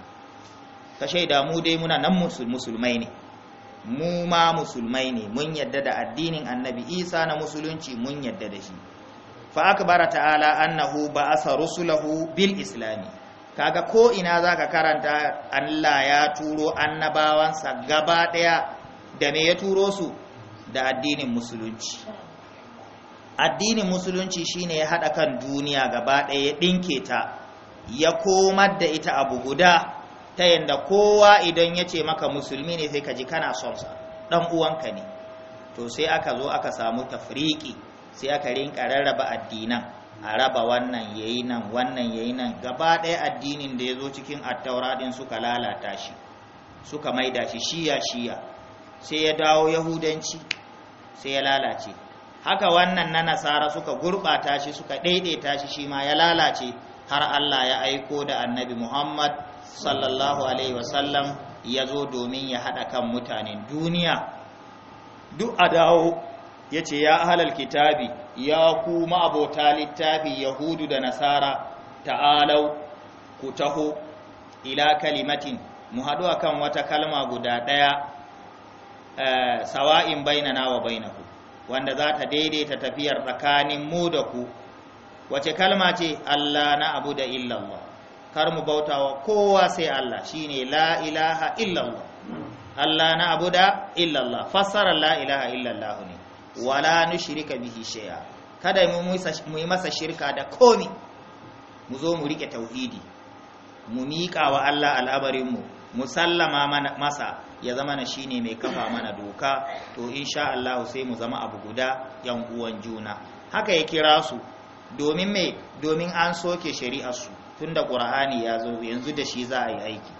ka shaida mu dai muna nan musulmai ne mu ma musulmai ne mun yadda da addinin annabi isa na musulunci mun yadda da shi fa akbara ta'ala annahu ba'asa rusulahu bil islami kaga ko ina zaka karanta Allah ya turo annabawansa gaba daya da me ya turo su da addinin musulunci addinin musulunci shine ya haɗa kan duniya gaba daya ya ɗinke ta ya komar da ita abu guda ta yanda kowa idan ya ce maka musulmi ne sai ka ji kana sonsa. Ɗan uwanka ne to sai aka zo aka samu tafriki sai aka rinka rarraba addinan a raba wannan yayi nan wannan yayi nan gaba ɗaya addinin da ya zo cikin attaura din suka lalata shi suka maida shi shiya shiya sai ya dawo yahudanci sai ya lalace haka wannan na nasara suka gurɓata shi suka ɗaiɗaita shi shi ma ya lalace har Allah ya aiko da annabi Muhammad sallallahu alaihi wasallam ya zo domin ya haɗa kan mutanen duniya duk a dawo ya ce ya ahalar kitabi ya kuma abota littafi yahudu da nasara ta'alau ku taho ila kalimatin mu haɗu kan wata kalma guda ɗaya eh, sawa'in bainana wa bainaku wanda za ta daidaita tafiyar tsakanin mu da ku wace kalma ce Allah na abu da illallah kar mu bautawa kowa sai Allah shine la ilaha illallah hmm. Allah na abu da illallah fassarar la ilaha illallah ne wala nushrika bihi shay'a kada mu yi masa shirka da komi mu zo mu rike tauhidi mu miƙa wa Allah al'abarin mu sallama masa ya zama na shine mai kafa mana doka to insha Allah sai mu zama abu guda yan uwan juna haka ya kira su domin me domin an soke shari'ar su tunda Qur'ani ya zo yanzu da shi za a yi aiki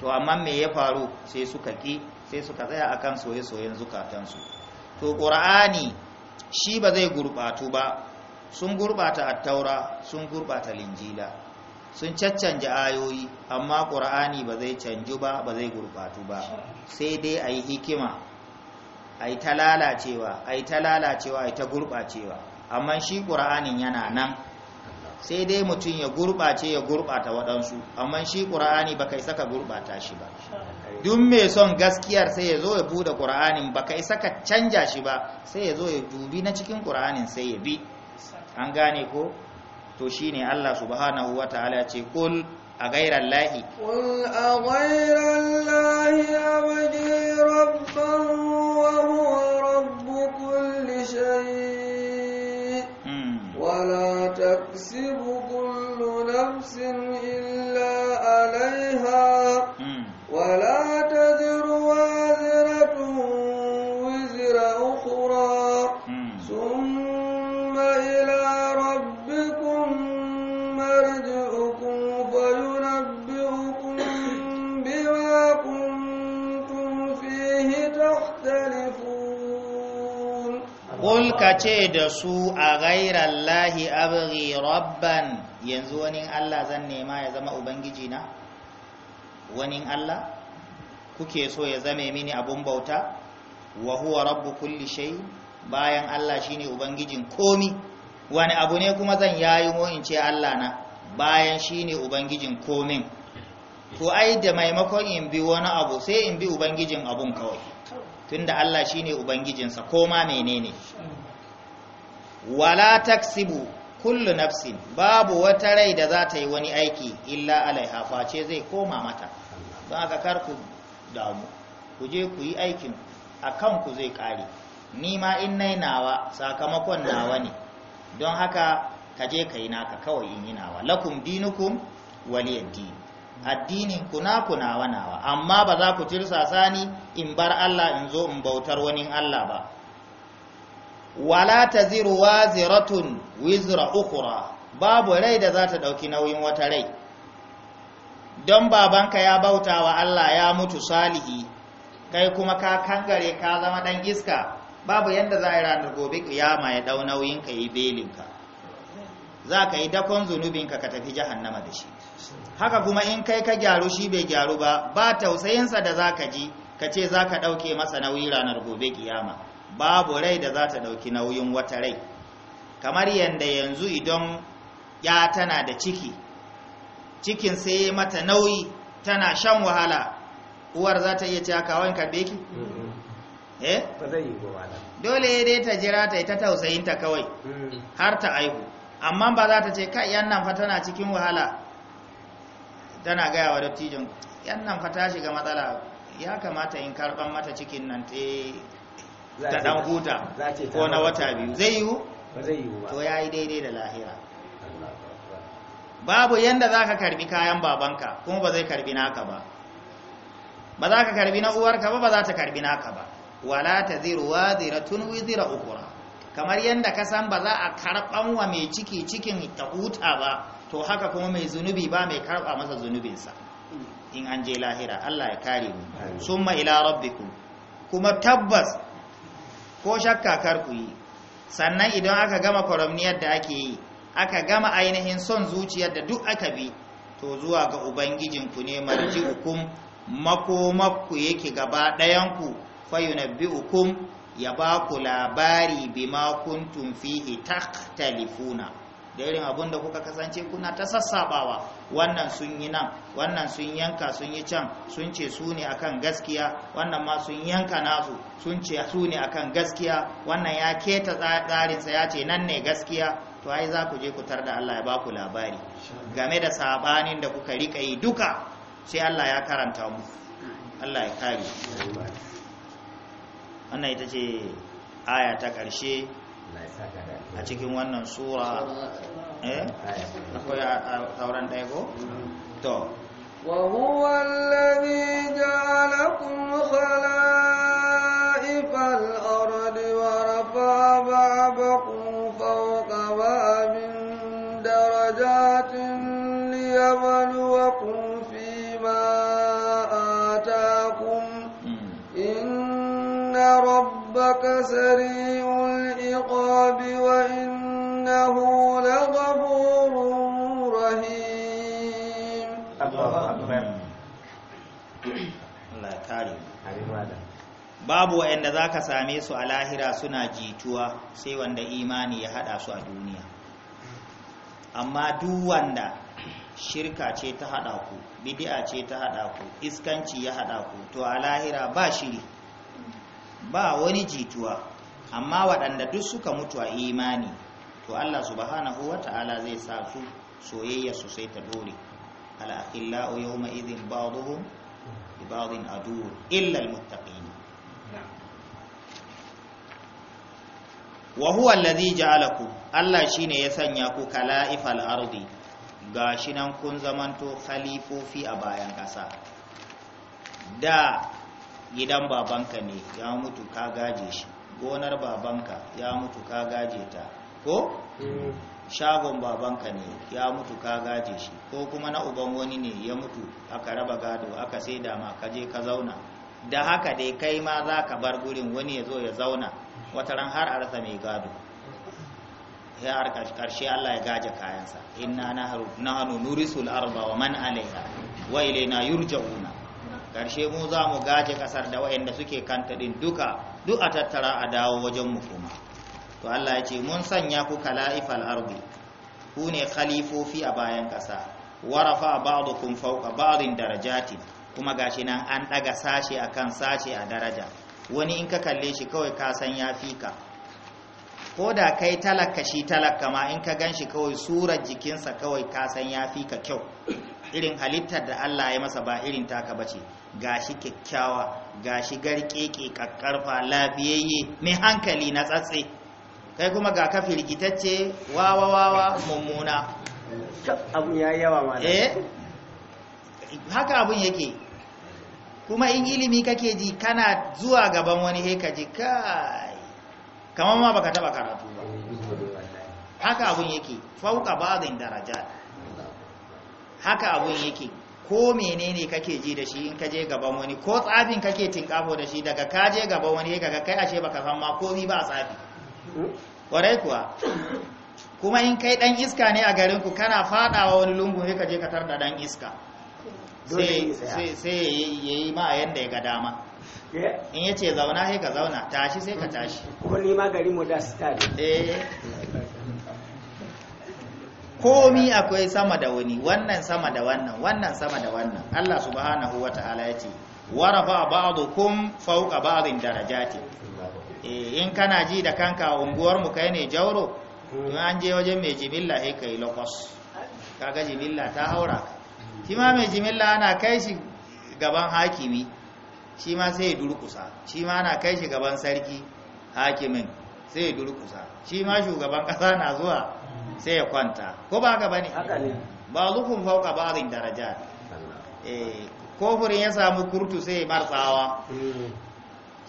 to amma me ya faru sai suka ki sai suka tsaya akan soye-soyen zukatansu to ƙur'ani shi ba zai gurɓatu ba sun gurɓata attaura sun gurɓata linjila sun caccanja ayoyi amma ƙur'ani ba zai canju ba ba zai gurɓatu ba sai dai a yi hikima a yi ta lalacewa a yi ta lalacewa a yi ta gurɓacewa amma shi ƙur'anin yana nan sai dai mutum ya gurɓace ya gurɓata waɗansu amma shi ƙur'ani ba kai saka gurɓata shi ba duk mai son gaskiyar sai ya zo ya bude ƙura'anin ba ka isa ka canja shi ba sai ya zo ya dubi na cikin ƙura'anin sai ya bi an gane ko to shi ne Allah subhanahu wa ta'ala ce kul a gairar lahi kul a gairar lahi rabban wa huwa rabbu kulli hmm. Wala taksibu kullu illa alaiha hmm. Kul ka ce da su a ghairallahi abghi rabban yanzu wani Allah zan nema ya zama ubangiji na wani Allah kuke so ya zame mini abun bauta Wahuwa huwa rabbu kulli bayan Allah ne ubangijin komi wani abu ne kuma zan yayi mo ce Allah na bayan ne ubangijin komin to ai da maimakon in bi wani abu sai in bi ubangijin abun kawai tunda Allah shine ubangijinsa koma menene wala taksibu kullu nafsin babu wata rai da za ta yi wani aiki illa alaiha face zai koma mata don haka kar ku damu ku je ku yi aikin a kanku zai kare ni ma in nai nawa sakamakon nawa ne don haka ka je ka yi naka kawai in yi nawa lakum dinukum waliyaddini dinu. addinin kuna kuna wanawa amma ba za ku tirsa Sani, in bar Allah in zo in bautar wani Allah ba wala taziru waziratun wizra ukura babu rai da za ta ɗauki nauyin wata rai don babanka ya bauta wa Allah ya mutu salihi kai kuma ka kangare ka zama ɗan iska babu yadda za a yi ranar gobe kiyama ya ɗau nauyinka yi belinka za ka yi dakon zunubinka ka tafi jahannama da shi haka kuma in kai ka gyaru shi bai gyaru ba ba tausayinsa da za ka ji ka ce za ka ɗauke masa nauyi ranar gobe kiyama babu rai da za ta ɗauki nauyin wata rai kamar yadda yanzu idan ya tana da ciki cikin sai mata nauyi tana shan wahala uwar za ta iya haka, wani karbe ki? eh? ba dai ta jira ta yi ta tausayinta kawai mm. har ta aihu amma ba za ta ce kai yan nan fa tana cikin wahala tana gaya wa dattijon yan nan fa shiga matsala ya kamata in karban mata cikin nan ta dan huta ko na wata biyu zai yiwu To ya yi daidai da lahira babu yanda ka karbi kayan babanka kuma ba zai karbi naka ba ba za ka karbi na uwarka ba ba za ta karbi naka ba wala ta tun waziratun wizira ukura kamar yadda ka san ba za a karɓan wa mai ciki cikin ta huta ba to haka kuma mai zunubi ba mai karba masa zunubinsa in an je lahira Allah ya kare mu summa ila rabbikum kuma tabbas ko shakka kar ku yi sannan idan aka gama faramniyar da ake yi aka gama ainihin son zuciyar da duk aka bi to zuwa ga ubangijin ku ne marji marji'ukum makomakku yake gaba ɗayan ku ɗayanku fayunabbi'ukum ya ba ku labari bima kuntum fihi talifuna. da irin abun da kuka kasance kuna ta sassabawa wannan sun yi nan wannan sun yanka sun yi can sun ce su ne akan gaskiya wannan ma sun yanka nasu sun ce su ne akan gaskiya wannan ya keta tsarinsa ya ce nan ne gaskiya to ai za ku je ku tar da Allah ya ba ku labari game da sabanin da kuka rika yi duka sai Allah ya karanta mu Allah ya kare wannan ita ce aya ta ƙarshe a cikin wannan sura eh akwai sauran ɗaya ko to وهو الذي جعلكم خلائف الأرض ورفع بعضكم فوق بعض درجات ليبلوا ربك سريع العقاب وإنه لغفور رحيم الله أكبر Allah kare babu za ka same su a lahira suna jituwa sai wanda imani ya haɗa su a duniya amma duk wanda shirka ce ta haɗa ku bidi'a ce ta haɗa ku iskanci ya haɗa ku to a lahira ba shiri ba wani jituwa amma waɗanda duk suka mutu a imani to Allah subhanahu wa ta'ala zai sa su soyayya su sai ta dore al'akhillau yawma idhin ba'dhum li ba'dhin adu illa al-muttaqin wa huwa alladhi ja'alakum Allah shine ya sanya ku kala'ifal ardi shi nan kun zamanto khalifofi a bayan ƙasa da gidan babanka ne ya mutu ka gaje shi gonar babanka ya mutu ka gaje ta ko shagon babanka ne ya mutu ka gaje shi ko kuma na uban wani ne ya mutu aka raba gado aka sai dama ka je ka zauna da haka dai kai ma za ka bar gurin wani ya zo ya zauna wataran har a rasa mai gado ya har karshe Allah ya gaje kayansa inna nahnu nurisul arba wa man alaiha wa ilaina yurja'una Karshe mu za mu gaje ƙasar da waɗanda suke kanta ɗin duka duk a tattara a dawo wajen mu kuma to Allah ya ce mun sanya ku kala'ifal ardi ku ne khalifofi a bayan ƙasa warafa ba'dukum fawqa ba'din darajati kuma gashi nan an ɗaga sashe akan sashe a daraja wani in ka kalle shi kawai ka san ya fika ko da kai talaka shi talaka ma in ka gan shi kawai surar jikinsa kawai ka san ya fika kyau irin halittar da Allah ya masa ba irin taka bace gashi kyakkyawa gashi garkeke kakkarfa labiyayye mai hankali na tsatse kai kuma ga kafi rikitacce wawa wawa mummuna abun ya yawa eh haka abun yake kuma in ilimi kake ji kana zuwa gaban wani hekaji ka kai kamar ma baka taba karatu ba haka abun yake fauka ba'dhin darajat haka abun yake ko menene kake ji da shi in ka je gaban wani ko tsafin kake tinkafo da shi daga ka je gaban wani kaga kai ashe baka san ma komi ba tsafi kwarai kuwa kuma in kai dan iska ne a garin ku kana fadawa wani lungu sai ka je ka tarda dan iska sai ya yi ma yanda ya ga dama eh? in ya ce zauna sai ka zauna tashi sai ka tashi ko ni ma gari mu da sita eh komi akwai sama da wani wannan sama da wannan wannan sama da wannan Allah subhanahu wa ta'ala yace wa rafa ba'dukum fawqa ba'din darajati eh in kana ji da kanka unguwar mu kai ne jauro in an je wajen mai jimilla sai kai lokos kaga jimilla ta haura shi ma mai jimilla ana kai shi gaban hakimi shi ma sai ya durkusa shi ma ana kai shi gaban sarki hakimin sai ya durkusa shi ma shugaban kasa na zuwa sai ya kwanta ko ba ga bane ba lukun fauka ba'dhin daraja eh kofurin ya samu kurtu sai ya martsawa hmm.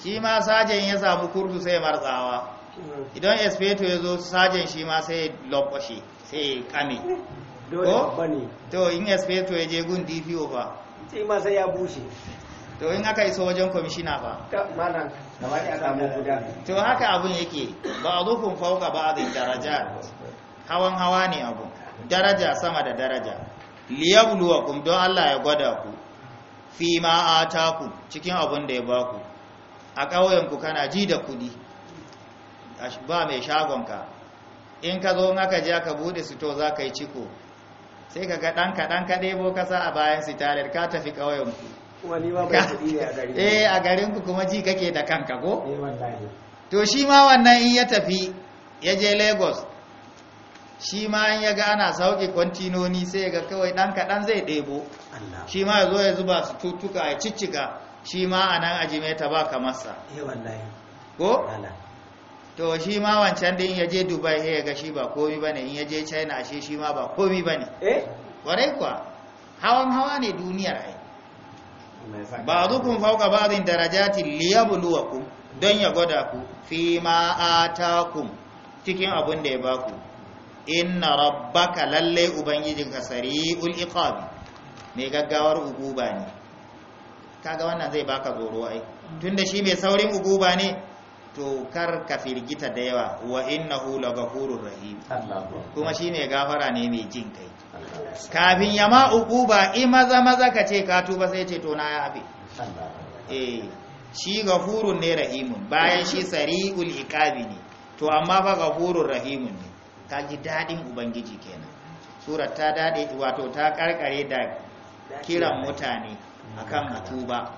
shi ma sajen ya samu kurtu sai ya martsawa hmm. idan espeto ya zo sajen shi ma sai lokwashe sai kame ko to in espeto ya je gun dpo ba sai ma sai ya bushe to in aka iso wajen kwamishina ba to haka abun yake ba a zukun fauka ba a daraja hawan hawa ne abu daraja sama da daraja kum don Allah ya gwada ku fi ma ku cikin abun da ya baku a ƙauyenku ku kana ji da kuɗi ba mai shagon ka in ka zo in aka je aka buɗe su to za ka yi ciko sai ka ga ɗan kaɗan ka ɗebo kasa a bayan sitarar ka tafi ƙauyenku. ku eh a garin ku kuma ji kake da kanka ko eh, to shi ma wannan in ya tafi ya je lagos shi ma in ya ga ana sauke kwantinoni sai ya ga kawai ɗan kaɗan zai ɗebo shi ma ya zo ya zuba su tutuka ya ciccika shi ma a nan ajime ta ba masa. Eh, ko to shi ma wancan din ya je dubai ya ga shi ba komi ba ne in ya je china ashe shi ma ba komi ba ne ƙwarai eh? kwa hawan hawa ne duniyar ai ba zukun fauka bazin darajatin ku don ya gwada ku fi ma atakum cikin abin da ya baku inna rabbaka lalle ubangijinka sari'ul iqabi mai gaggawar uguba ne kaga wannan zai baka zoro ai tunda shi mai saurin uguba ne to kar ka firgita da yawa wa innahu lagafurur rahim kuma shi mai gafara ne mai jin kai kafin ya ma uguba i maza maza ka ce ka tuba sai ce to na ya abe eh shi gafurun ne rahimun bayan shi sari'ul iqabi ne to amma fa gafurur rahimun ne ka ji daɗin ubangiji kenan Surat ta daɗe wato ta karkare da kiran mutane akan a tuba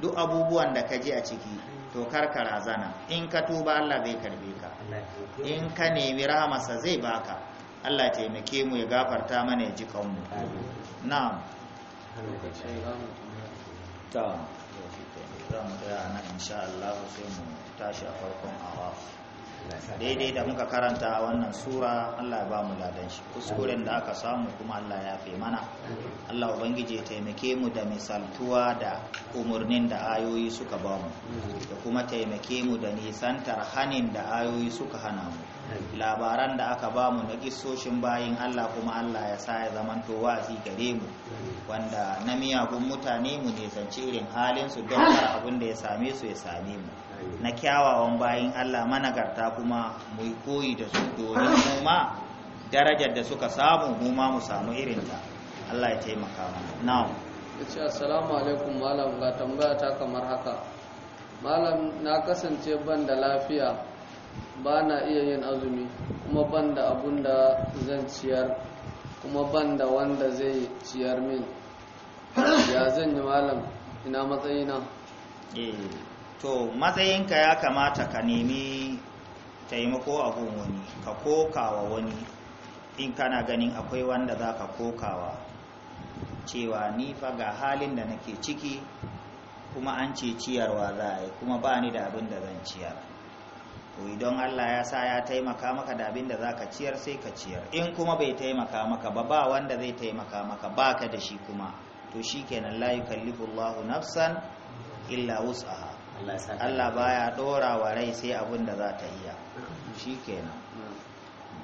duk abubuwan da ka ji a ciki to karkara zana in ka tuba Allah zai karbe ka in ka nemi rahamarsa zai ba ka. Allah taimake mu ya gafarta mana ya ji kanmu na'am ta za mu tsaya nan insha Allah sai mu tashi a farkon awa daidai da muka karanta a wannan sura Allah ya ba mu ladan shi kuskuren da aka samu kuma Allah ya fi mana Allah ubangiji ya taimake mu da misaltuwa da umarnin da ayoyi suka ba mu da kuma taimake mu da nisantar hanin da ayoyi suka hana mu labaran da aka bamu na kisoshin bayin Allah kuma Allah ya sa ya zamanto wa'azi gare mu wanda na miyagun mutane mu ne zance irin halin su don kar ah! abin da ya same su ya same mu na kyawawan bayin Allah managarta kuma mu koyi da su domin mu ma darajar da suka samu mu ma mu samu irinta Allah ya taimaka mana na'am yace assalamu alaikum malam ga tambaya ta kamar haka malam na kasance ban da lafiya ba na iya yin azumi kuma ban da abun da zan ciyar kuma ban da wanda zai ciyar min ya zan yi malam ina matsayina eh, to matsayinka ya kamata ka nemi taimako a wani ka kokawa wani in kana ganin akwai wanda za ka kokawa cewa ni fa halin da nake ciki kuma an ce ciyarwa za a yi kuma ba ni da abin da zan ciyar to idan Allah ya sa ya taimaka maka da abin da za ka ciyar sai ka ciyar in kuma bai taimaka maka ba ba wanda zai taimaka maka ba ka da shi kuma to shi kenan la yukallifu nafsan illa wus'aha Allah baya dora wa rai sai abin da za ta iya shi kenan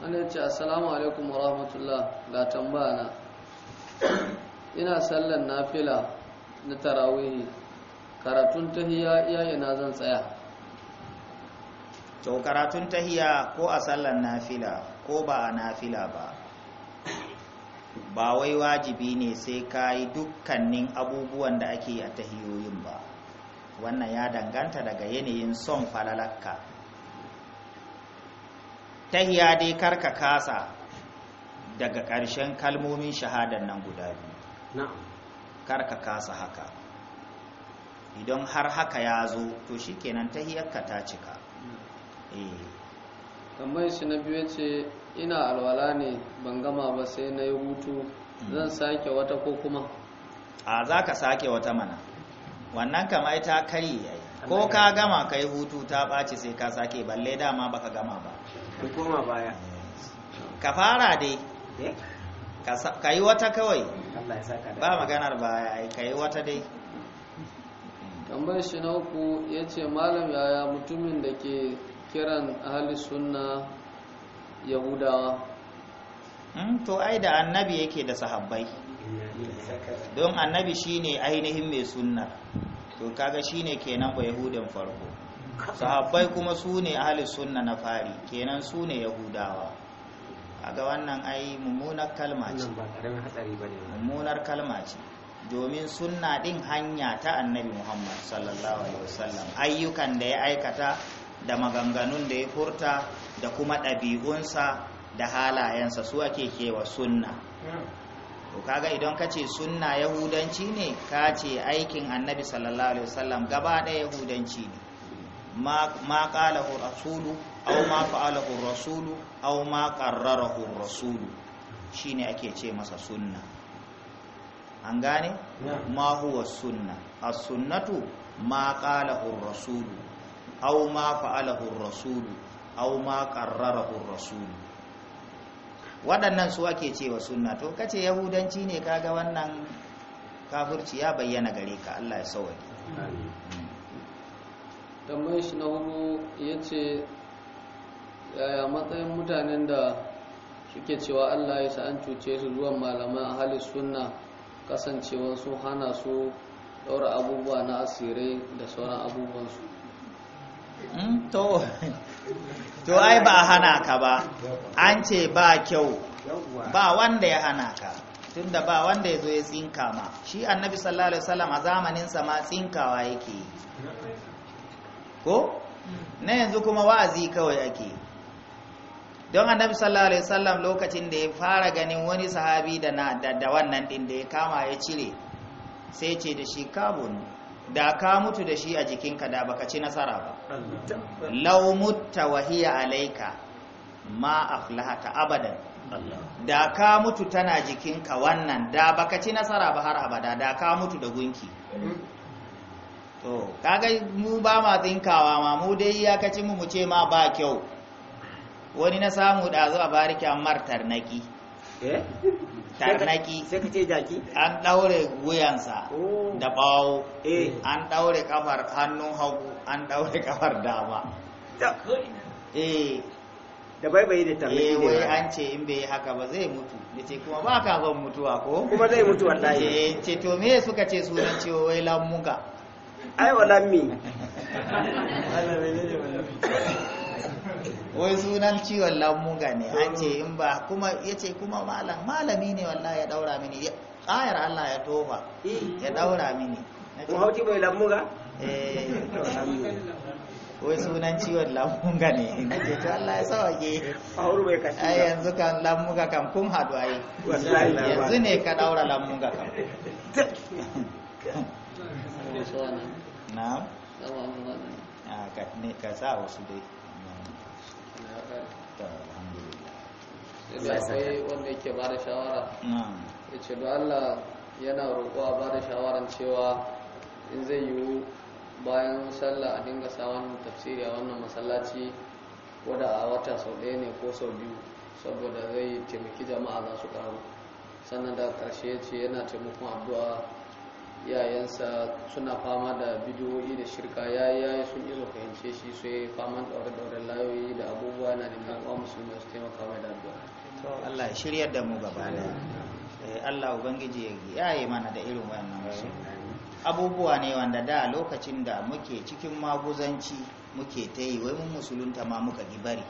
wannan ce assalamu alaikum wa rahmatullah ga tambaya na ina sallan nafila na tarawihi karatun tahiyya iyaye na zan tsaya to karatun tahiya ko a sallar nafila ko ba a nafila ba ba wai wajibi ne sai ka yi dukkanin abubuwan da ake a tahiyoyin ba wannan ya danganta daga yanayin son falalakka tahiya dai karka kasa daga ƙarshen kalmomin shahadar nan guda biyu karka kasa haka idan har haka ya zo to shi kenan tahiyarka ta cika kamar mm. shi na biyu ce ina alwala ne ban gama ba sai na yi hutu zan sake wata ko kuma a za ka sake wata mana wannan kama ita kari yi. ko ka gama ka yi hutu ta ɓaci sai ka sake balle dama ba ka gama ba hukuma baya ka fara dai eh? ka yi wata kawai ba maganar baya ka yi wata dai tambayar shi na uku ya ce malam yaya mutumin da ke kiran ahli sunna yahudawa hmm, to ai da annabi yake da sahabbai don annabi shine ainihin mai sunna to kaga shine kenan ba yahudan farko sahabbai kuma su ne ahli sunna na fari kenan su ne yahudawa ga wannan ai mummunar kalma ce mummunar kalma ce domin sunna din hanya ta annabi muhammad sallallahu alaihi wasallam ayyukan da ya aikata da maganganun da ya furta da kuma ɗabi'unsa da halayensa su ake kewa sunna to kaga idan ka ce sunna yahudanci ne ka ce aikin annabi sallallahu alaihi wasallam gaba ɗaya yahudanci ne ma ƙalahu rasulu au ma fa'alahu rasulu au ma rasulu shine ake ce masa sunna an gane ma huwa sunna as-sunnatu ma qalahu rasulu aw ma fa'alahu rasulu aw ma qarrarahu rasulu waɗannan su ake cewa sunna to kace yahudanci ne kaga wannan kafirci ya bayyana gare ka Allah ya sauke tambayar shi na ya ce yaya matsayin mutanen da suke cewa Allah ya sa an cuce su zuwan malaman a halin sunna kasancewa su hana su daura abubuwa na asirai da sauran abubuwansu Hmm? to to ai ba hana ka ba an ce ba kyau ba wanda ya hana ka tunda ba wanda ya zo ya tsinka ma shi annabi sallallahu alaihi wasallam a zamaninsa ma tsinkawa yake yi ko na yanzu kuma wa'azi kawai ake don annabi sallallahu alaihi wasallam lokacin da ya fara ganin wani sahabi da na da, wannan din da ya kama ya cire sai ce da shi kabun da ka mutu da shi a jikinka da baka ci nasara ba Laumutta wahiya alaika ma abadan da ka mutu tana jikinka wannan da baka ci nasara ba har abada da ka mutu da gunki to kaga mu ba ma tsinkawa ma mu dai iyakacin mu mu ce ma ba kyau wani na samu da zuwa bariki martar naki eh? tarnaki sai ka ce jaki an daure wuyansa oh. da bawo eh. an daure kafar hannun hagu an daure kafar dama eh da bai bai da tarnaki eh wai an ce in bai haka ba zai mutu yace kuma ba ka ban mutuwa ko kuma zai mutu wallahi eh ce to me suka ce sunan ciwo wai lamuga ai walammi wai sunan ciwon lamuga ne an ce mm. in ba kuma ya ce kuma malam malami ne wallah ya daura mini ayar Allah ya tofa eh. ya daura mini kuma hauki bai lamuga eh wai sunan ciwon lamunga ne ina ce to Allah ya sauke ai yanzu kan lamunga kan kun hadu ai yanzu ne ka daura lamunga kan na'am ah, ka sa wasu dai wanda yake ba Allah yana roƙo ba da shawarar cewa in zai yiwu bayan sallah a dinga samun tafsiri a wannan masallaci wadda a wata sau ɗaya ne ko sau biyu saboda zai taimaki jama'a za su ƙaru sannan da ƙarshe ce yana taimakon addu'a iyayensa suna fama da bidiyoyi da shirka ya yi sun iso fahimce shi sai faman daure-daure layoyi da abubuwa na neman uwa musulmi su taimaka mai da abuwa to Allah ya shiryar da mu gaba da eh, Allah ubangiji ya yi mana da irin wannan abubuwa ne wanda da lokacin da muke cikin maguzanci muke ta yi wai mun musulunta ma muka gibari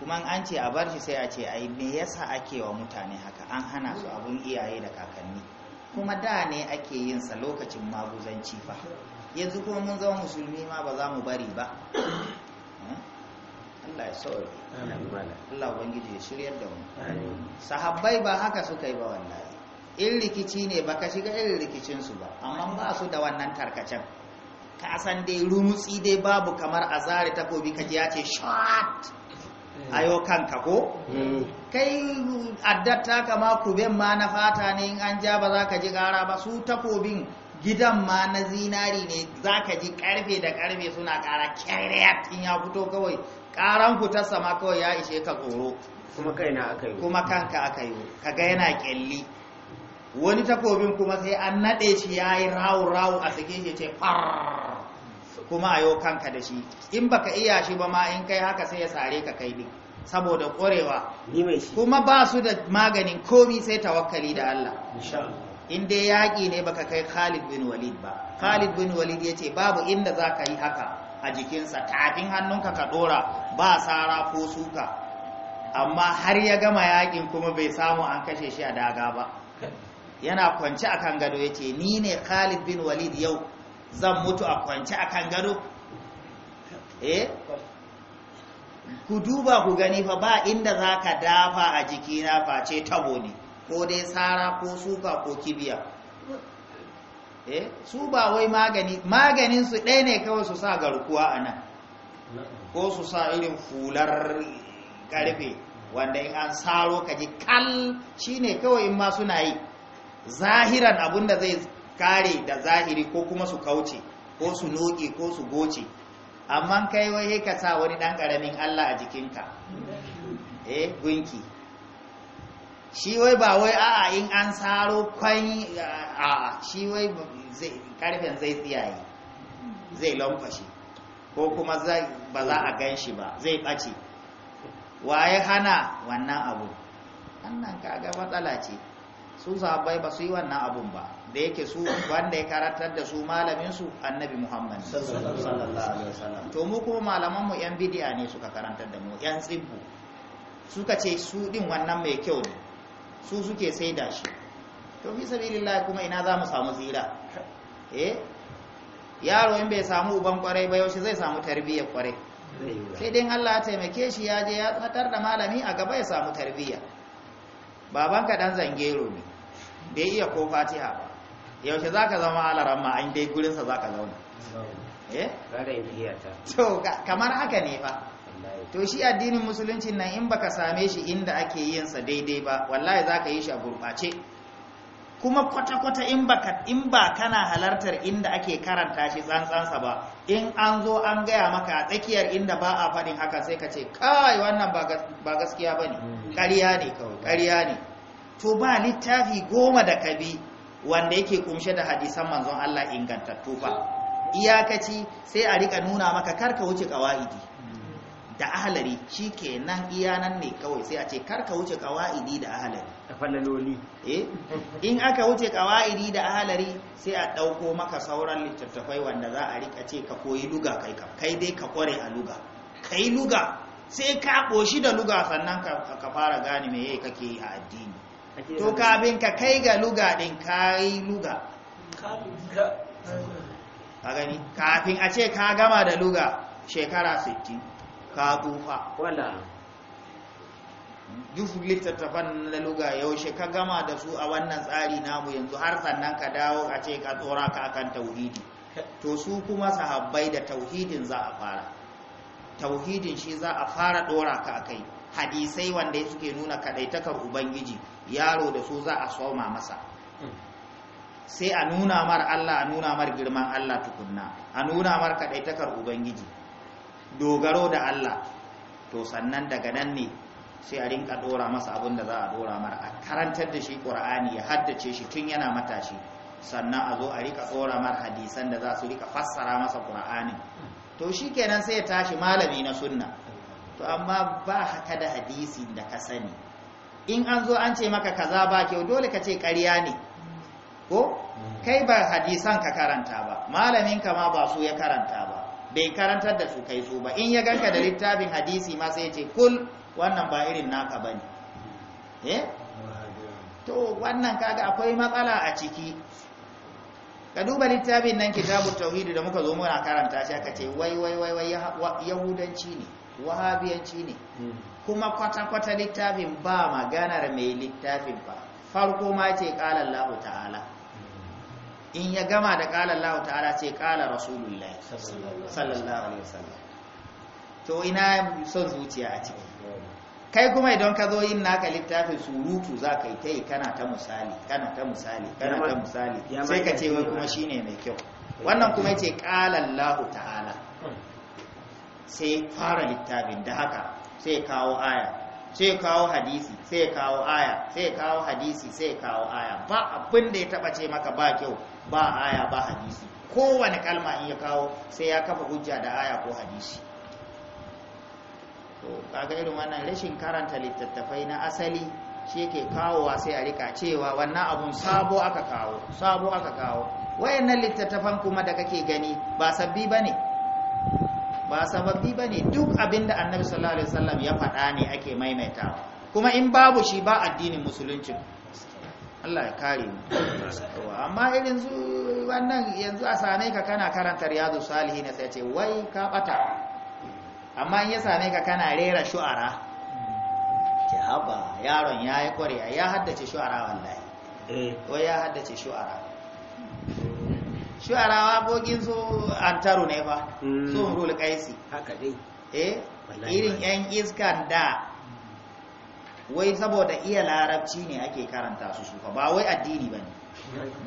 kuma an ce a bar shi sai a ce ai me yasa ake wa mutane haka an hana su abun iyaye da kakanni kuma da ne ake yin sa lokacin maguzanci fa yanzu kuma mun zama musulmi ma ba za mu bari ba hmm? Allah ya sauri Allah ubangiji ya shiryar da mu sahabbai ba haka suka yi ba wallahi in rikici ne baka shiga irin rikicinsu ba amma ba su da wannan tarkacen ka san dai rumutsi dai babu kamar azari zare takobi ka ya ce shot Hmm. A yau kanka ko hmm. kai addata kama kuben ma na fata ne in an ja ba za ka ji kara ba su takobin gidan ma na zinari ne za ka ji karfe da karfe suna kara kyayyat in ya fito kawai karan ta sama kawai ya ishe ka tsoro kuma na aka yi kuma kanka aka yi kaga yana kyalli wani takobin kuma sai an nade shi ya yi rawu rawu a sake shi ce far kuma a yau kanka da shi in baka iya shi ba ma in kai haka sai ya sare ka kai ne. saboda korewa kuma ba su da maganin komi sai tawakkali da Allah in dai yaƙi ne baka kai Khalid bin Walid ba Khalid bin Walid ya ce babu inda za ka yi haka a jikinsa tafin hannunka ka ɗora ba sara ko suka amma har ya gama yaƙin kuma bai samu an kashe shi a daga ba yana kwance akan gado ya ce ni ne Khalid bin Walid yau zan mutu a kwance a kan gado eh ku duba ku gani fa ba inda za ka dafa a jikina face tabo ne ko dai tsara ko suka ko kibiya eh su ba wai magani maganin su ɗaya ne kawai su sa garkuwa a nan ko su sa irin fular karfe wanda in an saro ka ji kal shine kawai in ma suna yi zahiran abinda zai kare da zahiri ko kuma su kauce ko su noƙe ko su goce amma kai wai ka sa wani dan karamin Allah a jikinka eh gunki shi wai ba wai a'a in an saro kwai. a'a shi wai karfen zai tsiyaye zai lankwashe ko kuma ba za a ganshi ba zai ɓace waye hana wannan abu annan kaga matsala ce su sabai ba su yi wannan abun ba da yake su wanda ya karatar da su malaminsu annabi muhammad sallallahu alaihi to mu kuma malamanmu yan bidiya ne suka karantar da mu yan tsibbu suka ce su din wannan mai kyau ne su suke sai da shi to fi sabilillah kuma ina za mu samu zira? eh yaro in bai samu uban kwarai ba yaushe zai samu tarbiyyar kwarai sai dai Allah ya taimake shi ya je ya tsatar da malami a gaba ya samu tarbiyya babanka dan zangero ne bai iya ko fatiha ba yaushe za ka zama ma an dai gurinsa za ka zauna eh? to kamar haka ne fa to shi addinin musulunci nan in baka same shi inda ake yinsa daidai ba wallahi za ka yi shi a gurɓace kuma kwata-kwata in ba kana halartar inda ake karanta shi tsantsansa ba in an zo an gaya maka a tsakiyar inda ba a faɗin haka sai ka ce kai wannan ba gaskiya ba ne hmm. ƙarya ne kawai ƙarya ne to ba littafi goma da kabi wanda yake kumshe da hadisan manzon Allah ingantattu fa iyakaci sai a rika nuna maka karka wuce kawaidi da ahalari shikenan iyanan ne kawai sai a ce karka wuce kawaidi da ahalari ta falaloli eh in aka wuce kawaidi da ahalari sai a dauko maka sauran littattafai wanda za a rika ce ka koyi luga kai ka kai dai ka kware a luga kai luga sai ka koshi da luga sannan ka fara gane me yake kake yi a addini to kafin ka kai ga luga din kai luga ka gani kafin a ce ka gama da luga shekara 60 ka tsufa wala duk littattafan na luga yaushe ka gama da su a wannan tsari namu yanzu har sannan ka dawo a ce ka tsora ka akan tauhidi to su kuma sahabbai da tauhidin za a fara tauhidin shi za a fara dora ka akai hadisai wanda suke nuna kadaitakar ubangiji yaro da su za a soma masa sai a nuna mar Allah a nuna mar girman Allah tukunna a nuna mar kadaitakar ubangiji dogaro da Allah to sannan daga nan ne sai a rinka dora masa abin da za a dora mar a karantar da shi qur'ani ya haddace shi tun yana matashi sannan a zo a rika tsoramar mar hadisan da za su rika fassara masa ƙur'ani. to shikenan sai ya tashi malami na sunna to amma ba haka da hadisi da ka sani in an zo an ce maka kaza ba kyau dole ka ce ƙarya ne ko kai ba hadisan ka karanta ba malamin ka ma ba su ya karanta ba bai karantar da su kai su ba in ya ganka da littafin hadisi ma sai ce kul wannan ba irin naka ba ne. Eh? to wannan kaga akwai matsala a ciki ka duba littafin nan kitabu tauhidi da muka zo muna karanta shi aka ce wai wai wai yahudanci ne wahabiyanci ne hmm. kuma kwata-kwata littafin ba maganar mai littafin ba farko ma ce ƙalar lahu ta'ala hmm. in ya gama da ƙalar lahu ta'ala ce ƙalar rasulullahi sallallahu alaihi wasallam to ina son zuciya a ciki hmm. kai kuma idan ka zo yin naka littafin surutu za ka yi ta yi kana ta misali kana ta misali kana ta misali sai ka ce wai kuma shine mai kyau wannan kuma ce ƙalallahu ta'ala sai fara littafin da haka sai kawo aya sai kawo hadisi sai kawo aya sai kawo hadisi sai kawo aya ba abin da ya taba ce maka ba kyau ba aya ba hadisi kowane kalma in ya kawo sai ya kafa hujja da aya ko hadisi to ga irin wannan rashin karanta littattafai na asali shi yake kawowa sai a rika cewa wannan abun sabo aka kawo sabo aka kawo wayannan littattafan kuma da kake gani ba sabbi bane ba sababi ba ne duk abin da annabi sallallahu alaihi wasallam ya faɗa ne ake maimaitawa kuma in babu shi ba addinin musulunci Allah ya kare mu amma irin su wannan yanzu a same ka kana karanta riyadu salihin sai ce wai ka bata amma in ya same ka kana rera shu'ara ke haba yaron ya yi ya haddace shu'ara wallahi ko eh. ya haddace shu'ara shu'arawa bogin su taro ne ba mm. su rul kaisi eh irin yan iskan da wai saboda iya larabci ne ake karanta su su ba wai addini ba ne.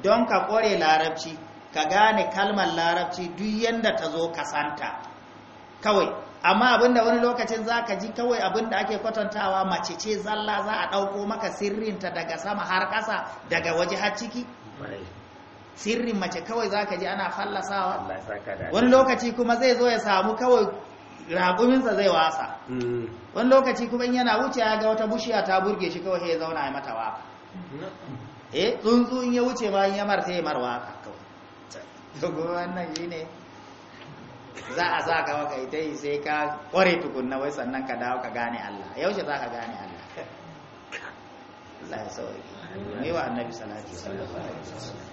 don ka kore larabci ka gane kalmar larabci duk yadda ta zo kasanta kawai amma abinda wani lokacin za ka ji kawai abinda ake kwatantawa mace ce zalla za a ɗauko maka sirrinta daga sama har ƙasa daga waje har ciki sirrin mace kawai za ka ji ana fallasawa wani lokaci kuma zai zo ya samu kawai raƙuminsa zai wasa mm. wani lokaci kuma yana wuce ya ga wata bushiya ta burge shi kawai ya zauna ya mata waka eh tsuntsu in ya wuce ba ya mar sai mar waka kawai wannan shi ne za a sa ka waka ita yi sai ka kware tukunna wai sannan ka dawo ka gane Allah yaushe za ka gane Allah Allah ya sauke mai wa annabi sallallahu alaihi wasallam